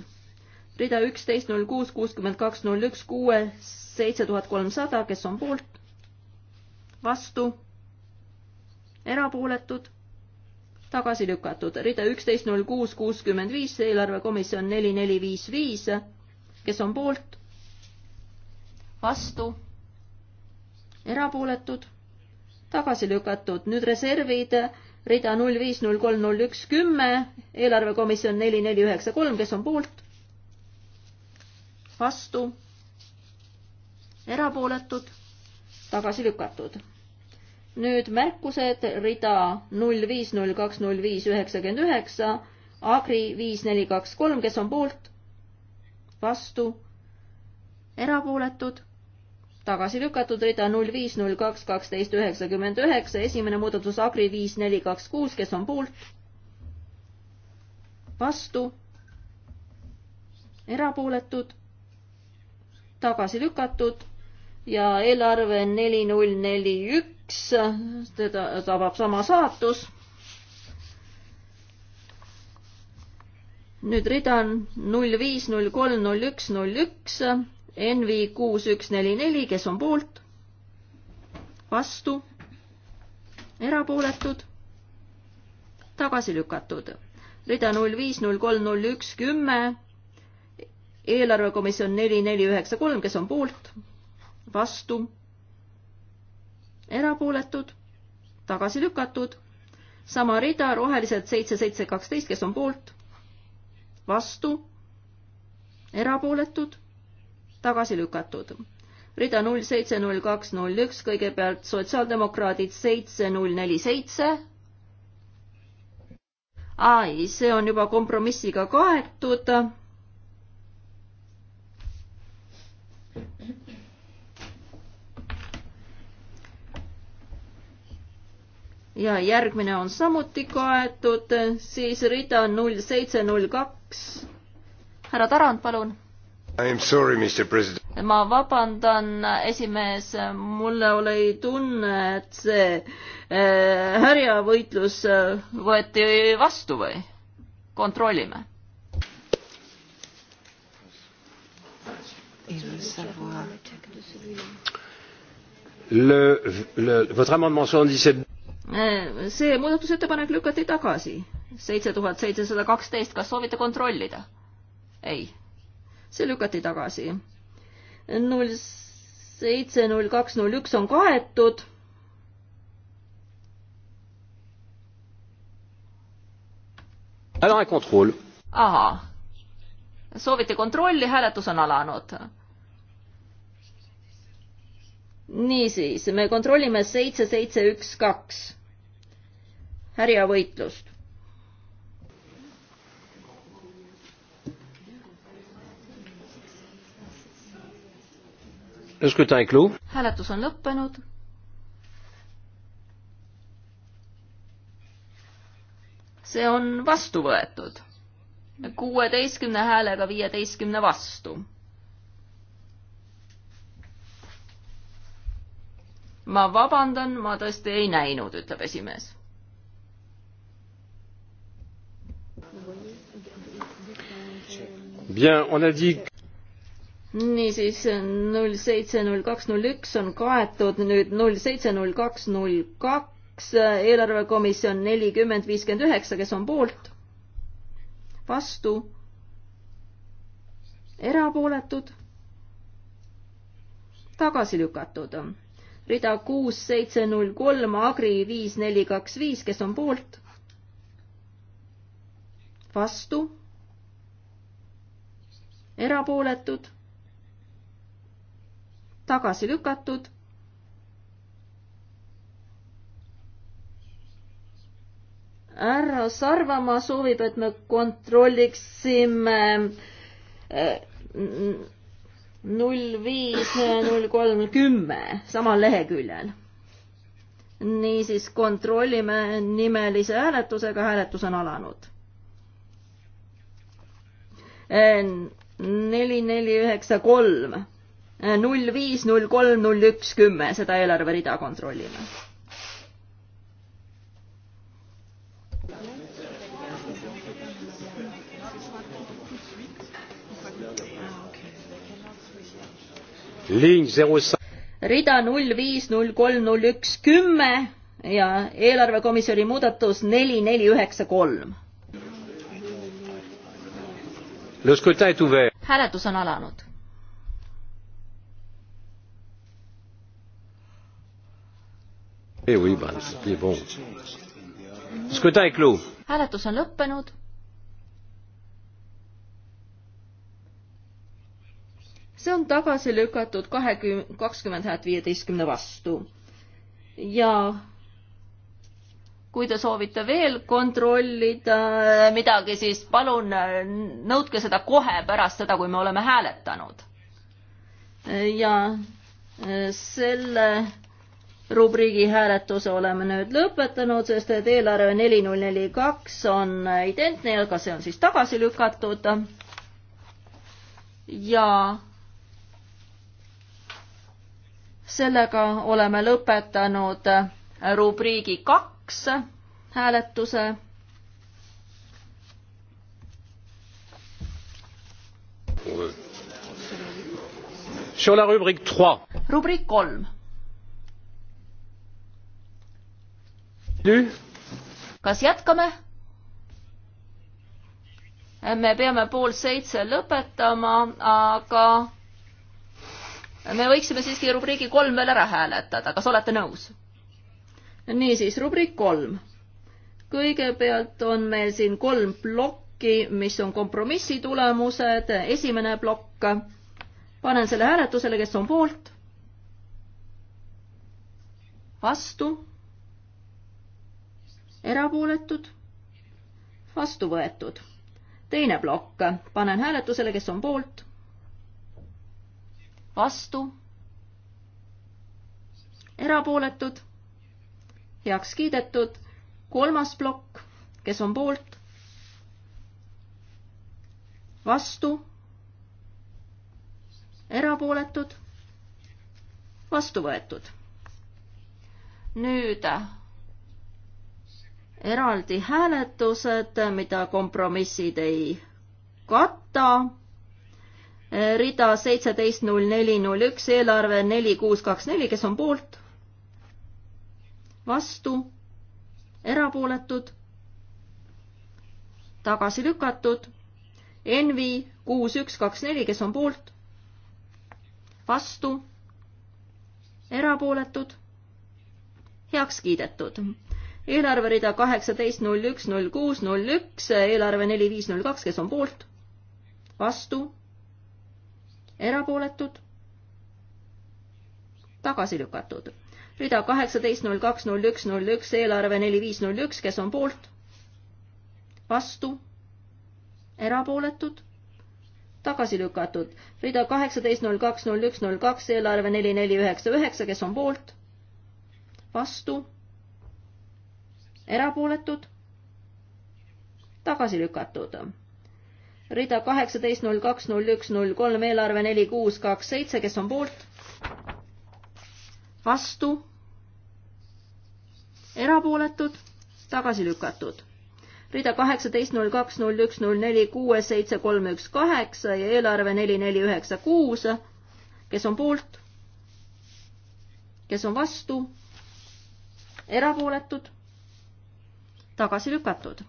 rida üksteist null kuus kuuskümmend kaks null üks kuue seitse tuhat kolmsada, kes on poolt, vastu, erapooletud, tagasi lükatud. rida üksteist null kuus kuuskümmend viis, eelarvekomisjon neli neli viis viis. kes on poolt? vastu? erapooletud? tagasi lükatud. nüüd reservid, rida null viis null kolm null üks kümme, eelarvekomisjon neli neli üheksa kolm, kes on poolt? vastu? erapooletud? tagasi lükatud nüüd märkused, rida null viis, null kaks, null viis, üheksakümmend üheksa, Agri viis, neli, kaks, kolm, kes on poolt, vastu, erapooletud, tagasi lükatud, rida null viis, null kaks, kaksteist, üheksakümmend üheksa, esimene muudatus Agri viis, neli, kaks, kuus, kes on poolt, vastu, erapooletud, tagasi lükatud ja eelarve neli, null, neli, üks, kaks, teda tabab sama saatus. nüüd rida on null viis, null kolm, null üks, null üks, NV kuus, üks, neli, neli, kes on poolt, vastu, erapooletud, tagasi lükatud. rida null viis, null kolm, null üks, kümme, eelarvekomisjon neli, neli, üheksa, kolm, kes on poolt, vastu erapooletud, tagasi lükatud. sama rida, rohelised seitse, seitse, kaksteist, kes on poolt, vastu, erapooletud, tagasi lükatud. rida null seitse, null kaks, null üks, kõigepealt sotsiaaldemokraadid seitse, null neli, seitse. ai, see on juba kompromissiga kaetud ja järgmine on samuti kaetud, siis rida null seitse null kaks. härra Tarand, palun. Sorry, ma vabandan, esimees, mulle oli tunne, et see äh, härjavõitlus äh, võeti vastu või? kontrollime. Le, le, votre amendement 77 Äh, see muudatusettepanek lükati tagasi. seitse tuhat seitsesada kaksteist, kas soovite kontrollida? ei, see lükati tagasi. null seitse, null kaks, null üks on kaetud. ahah, soovite kontrolli, hääletus on alanud niisiis, me kontrollime seitse, seitse, üks, kaks härjavõitlust. hääletus on lõppenud. see on vastu võetud kuueteistkümne häälega viieteistkümne vastu ma vabandan, ma tõesti ei näinud, ütleb esimees. niisiis null seitse, null kaks, null üks on kaetud nüüd null seitse, null kaks, null kaks, eelarvekomisjon nelikümmend, viiskümmend üheksa, kes on poolt, vastu, erapooletud, tagasi lükatud rida kuus, seitse, null, kolm, Agri viis, neli, kaks, viis, kes on poolt? vastu? erapooletud? tagasi lükatud? härra Sarvamaa soovib, et me kontrolliksime äh, null viis, null kolm, kümme, samal leheküljel. niisiis kontrollime nimelise hääletusega, hääletus on alanud. neli, neli, üheksa, kolm, null viis, null kolm, null üks, kümme, seda eelarverida kontrollime rida null viis, null kolm, null üks, kümme ja eelarvekomisjoni muudatus neli, neli, üheksa, kolm. hääletus on alanud. Eh hääletus on lõppenud see on tagasi lükatud kahekümne, kakskümmend häält viieteistkümne vastu. ja kui te soovite veel kontrollida midagi, siis palun nõudke seda kohe pärast seda, kui me oleme hääletanud. ja selle rubriigi hääletuse oleme nüüd lõpetanud, sest et eelarve neli null neli kaks on identne ja ka see on siis tagasi lükatud. ja sellega oleme lõpetanud rubriigi kaks hääletuse sur la rubrique 3. Rubrique 3. Nüüd? kas jätkame? me peame pool seitse lõpetama, aga me võiksime siiski rubriigi kolm veel ära hääletada, kas olete nõus? niisiis, rubriik kolm. kõigepealt on meil siin kolm plokki, mis on kompromissi tulemused, esimene plokk, panen selle hääletusele, kes on poolt, vastu, erapooletud, vastu võetud. teine plokk, panen hääletusele, kes on poolt vastu, erapooletud, heaks kiidetud, kolmas plokk, kes on poolt, vastu, erapooletud, vastu võetud. nüüd eraldi hääletused, mida kompromissid ei katta rida seitseteist null neli null üks, eelarve neli kuus kaks neli, kes on poolt? vastu? erapooletud? tagasi lükatud? Envi kuus üks kaks neli, kes on poolt? vastu? erapooletud? heaks kiidetud eelarverida kaheksateist null üks null kuus null üks, eelarve neli viis null kaks, kes on poolt? vastu? erapooletud, tagasi lükatud. rida kaheksateist, null kaks, null üks, null üks, eelarve neli, viis, null üks, kes on poolt, vastu, erapooletud, tagasi lükatud. rida kaheksateist, null kaks, null üks, null kaks, eelarve neli, neli, üheksa, üheksa, kes on poolt, vastu, erapooletud, tagasi lükatud rida kaheksateist, null kaks, null üks, null kolm, eelarve neli, kuus, kaks, seitse, kes on poolt? vastu? erapooletud? tagasi lükatud. rida kaheksateist, null kaks, null üks, null neli, kuues, seitse, kolm, üks, kaheksa ja eelarve neli, neli, üheksa, kuus. kes on poolt? kes on vastu? erapooletud? tagasi lükatud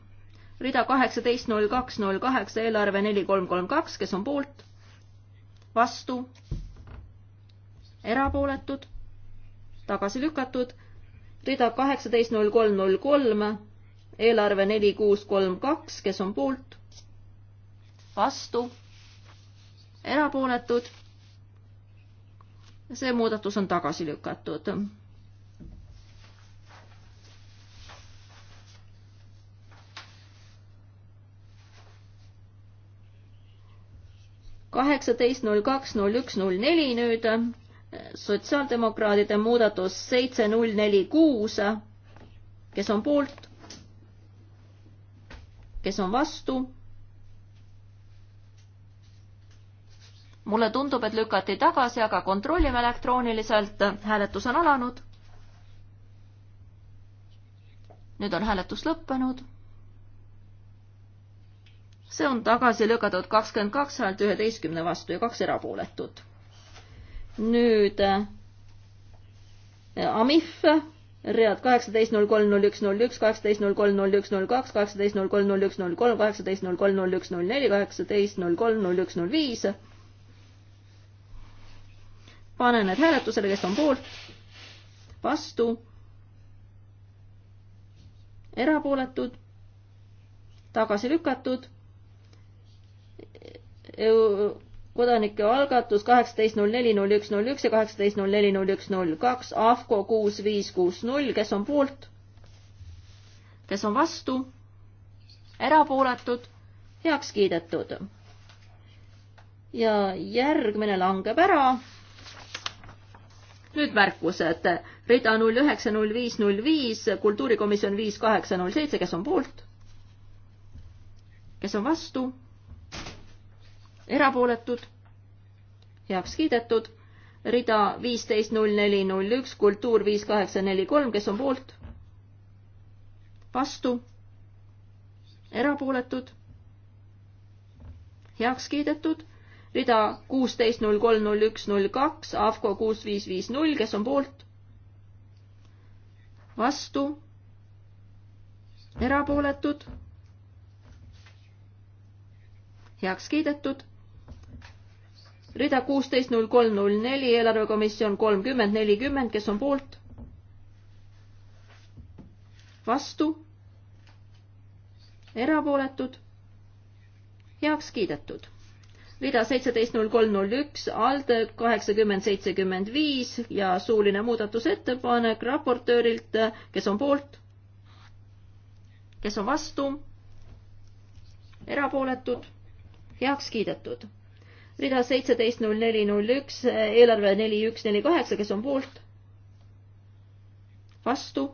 rida kaheksateist null kaks null kaheksa, eelarve neli kolm kolm kaks, kes on poolt, vastu, erapooletud, tagasi lükatud, rida kaheksateist null kolm null kolm, eelarve neli kuus kolm kaks, kes on poolt, vastu, erapooletud, see muudatus on tagasi lükatud kaheksateist, null kaks, null üks, null neli nüüd, äh, sotsiaaldemokraadide muudatus seitse, null neli, kuus, kes on poolt, kes on vastu. mulle tundub, et lükati tagasi, aga kontrollime elektrooniliselt, hääletus on alanud. nüüd on hääletus lõppenud see on tagasi lükatud kakskümmend kaks häält üheteistkümne vastu ja kaks erapooletut. nüüd äh, AMIF, read kaheksateist null kolm null üks null üks, kaheksateist null kolm null üks null kaks, kaheksateist null kolm null üks null kolm, kaheksateist null kolm null üks null neli, kaheksateist null kolm null üks null viis. panen need hääletusele, kes on poolt, vastu, erapooletud tagasi lükatud kodanike algatus kaheksateist null neli null üks null üks ja kaheksateist null neli null üks null kaks, AFCO kuus viis kuus null, kes on poolt? kes on vastu? erapooletud? heaks kiidetud. ja järgmine langeb ära. nüüd märkused. rida null üheksa null viis null viis, kultuurikomisjon viis kaheksa null seitse, kes on poolt? kes on vastu? erapooletud, heaks kiidetud, rida viisteist null neli null üks, kultuur viis kaheksa neli kolm, kes on poolt? vastu, erapooletud, heaks kiidetud, rida kuusteist null kolm null üks null kaks, AFCO kuus viis viis null, kes on poolt? vastu, erapooletud heaks kiidetud rida kuusteist null kolm null neli, eelarvekomisjon kolmkümmend nelikümmend, kes on poolt? vastu? erapooletud? heaks kiidetud. rida seitseteist null kolm null üks, alt kaheksakümmend seitsekümmend viis ja suuline muudatusettepanek raportöörilt, kes on poolt? kes on vastu? erapooletud? heaks kiidetud rida seitseteist null neli null üks, eelarve neli üks neli kaheksa, kes on poolt? vastu?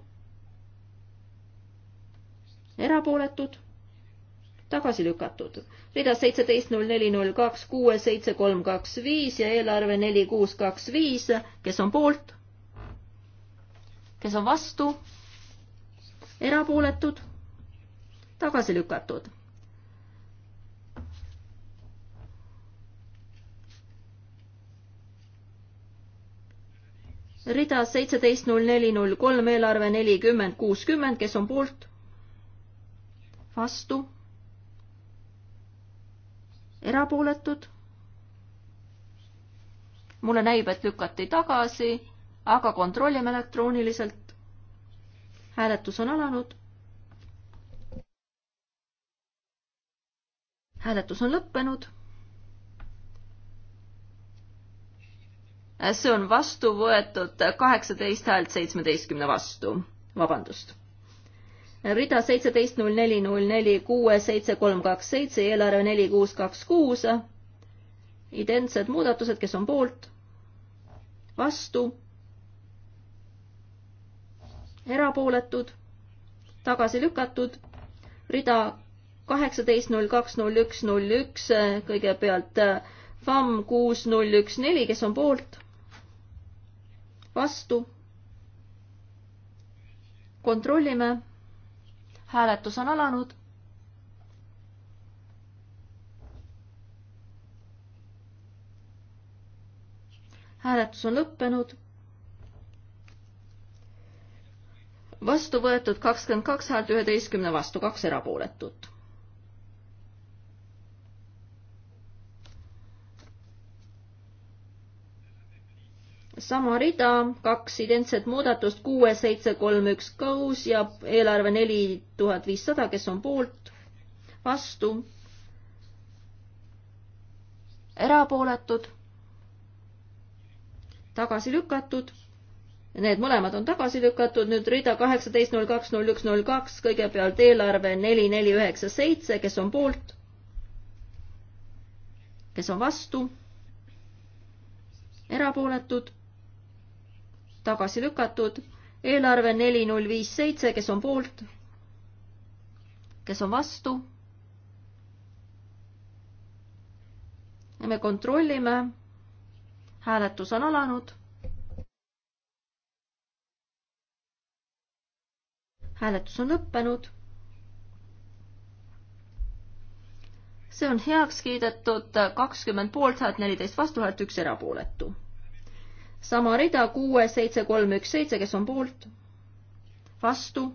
erapooletud? tagasi lükatud. rida seitseteist null neli null kaks kuue seitse kolm kaks viis ja eelarve neli kuus kaks viis, kes on poolt? kes on vastu? erapooletud? tagasi lükatud rida seitseteist null neli null kolm eelarve nelikümmend kuuskümmend, kes on poolt? vastu? erapooletud? mulle näib, et lükati tagasi, aga kontrollime elektrooniliselt. hääletus on alanud. hääletus on lõppenud see on vastu võetud kaheksateist häält seitsmeteistkümne vastu, vabandust. rida seitseteist null neli null neli kuue seitse kolm kaks seitse, eelarve neli kuus kaks kuus. identsed muudatused, kes on poolt, vastu, erapooletud, tagasi lükatud, rida kaheksateist null kaks null üks null üks, kõigepealt äh, FAM kuus null üks neli, kes on poolt, vastu. kontrollime. hääletus on alanud. hääletus on lõppenud. vastu võetud kakskümmend kaks häält üheteistkümne vastu, kaks erapooletut sama rida, kaks identset muudatust, kuue, seitse, kolm, üks koos ja eelarve neli tuhat viissada, kes on poolt, vastu, erapooletud, tagasi lükatud. Need mõlemad on tagasi lükatud, nüüd rida kaheksateist null kaks null üks null kaks, kõigepealt eelarve neli, neli, üheksa, seitse, kes on poolt, kes on vastu erapooletud, tagasi lükatud. eelarve neli null viis seitse, kes on poolt? kes on vastu? ja me kontrollime. hääletus on alanud. hääletus on lõppenud. see on heaks kiidetud kakskümmend poolthäält, neliteist vastuhäält, üks erapooletu sama rida, kuues, seitse, kolm, üks, seitse, kes on poolt, vastu,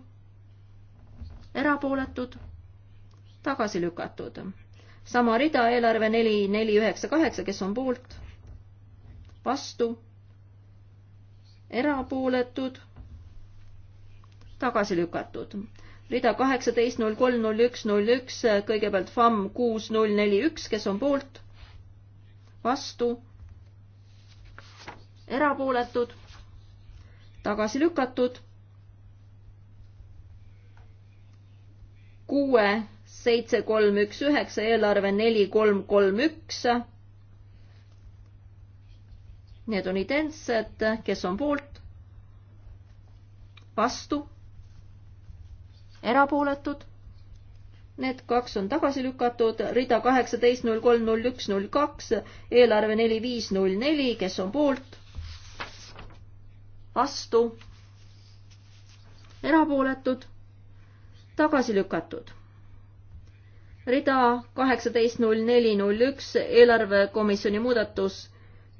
erapooletud, tagasi lükatud. sama rida, eelarve neli, neli, üheksa, kaheksa, kes on poolt, vastu, erapooletud, tagasi lükatud. rida kaheksateist, null kolm, null üks, null üks, kõigepealt FAM kuus, null neli, üks, kes on poolt, vastu erapooletud, tagasi lükatud. kuue, seitse, kolm, üks, üheksa, eelarve neli, kolm, kolm, üks. Need on identsed, kes on poolt, vastu, erapooletud Need kaks on tagasi lükatud, rida kaheksateist null kolm null üks null kaks, eelarve neli viis null neli, kes on poolt, vastu, erapooletud, tagasi lükatud. rida kaheksateist null neli null üks, eelarvekomisjoni muudatus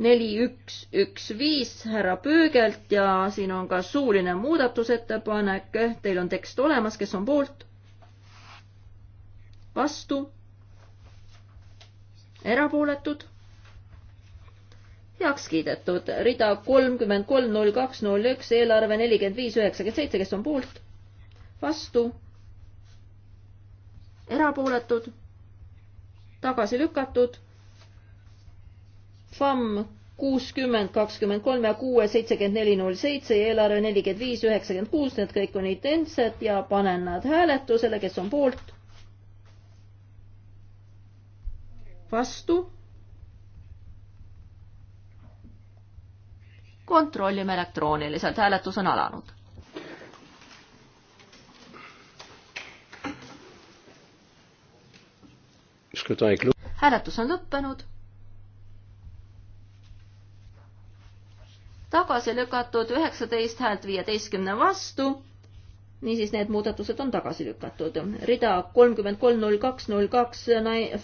neli üks üks viis härra Pöögelt ja siin on ka suuline muudatusettepanek, teil on tekst olemas, kes on poolt? vastu? erapooletud heaks kiidetud. rida kolmkümmend kolm, null kaks, null üks, eelarve nelikümmend viis, üheksakümmend seitse, kes on poolt? vastu? erapooletud? tagasi lükatud? FAM kuuskümmend, kakskümmend kolm ja kuue, seitsekümmend neli, null seitse ja eelarve nelikümmend viis, üheksakümmend kuus, need kõik on identsed ja panen nad hääletusele, kes on poolt? vastu kontrollime elektrooniliselt, hääletus on alanud. hääletus on lõppenud. tagasi lükatud üheksateist häält viieteistkümne vastu. niisiis, need muudatused on tagasi lükatud. rida kolmkümmend kolm, null kaks, null kaks,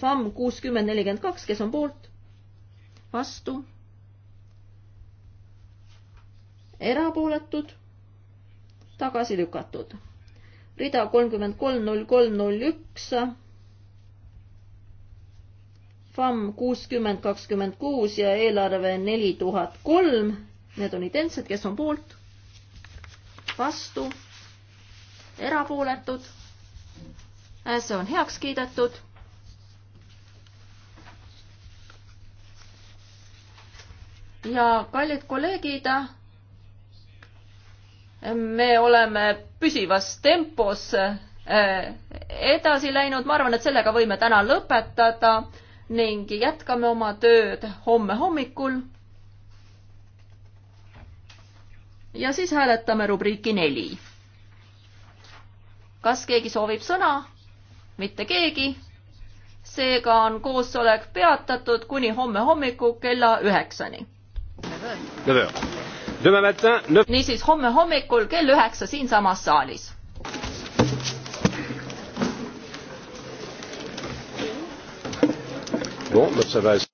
FAM kuuskümmend, nelikümmend kaks, kes on poolt? vastu erapooletud, tagasi lükatud. rida kolmkümmend kolm, null kolm, null üks. FAM kuuskümmend, kakskümmend kuus ja eelarve neli tuhat kolm. Need on identsed, kes on poolt, vastu, erapooletud. see on heaks kiidetud ja kallid kolleegid, me oleme püsivas tempos eh, edasi läinud, ma arvan, et sellega võime täna lõpetada ning jätkame oma tööd homme hommikul. ja siis hääletame rubriiki neli. kas keegi soovib sõna? mitte keegi. seega on koosolek peatatud kuni homme hommikul kella üheksani niisiis homme hommikul kell üheksa siinsamas saalis. Bon, ben ça va.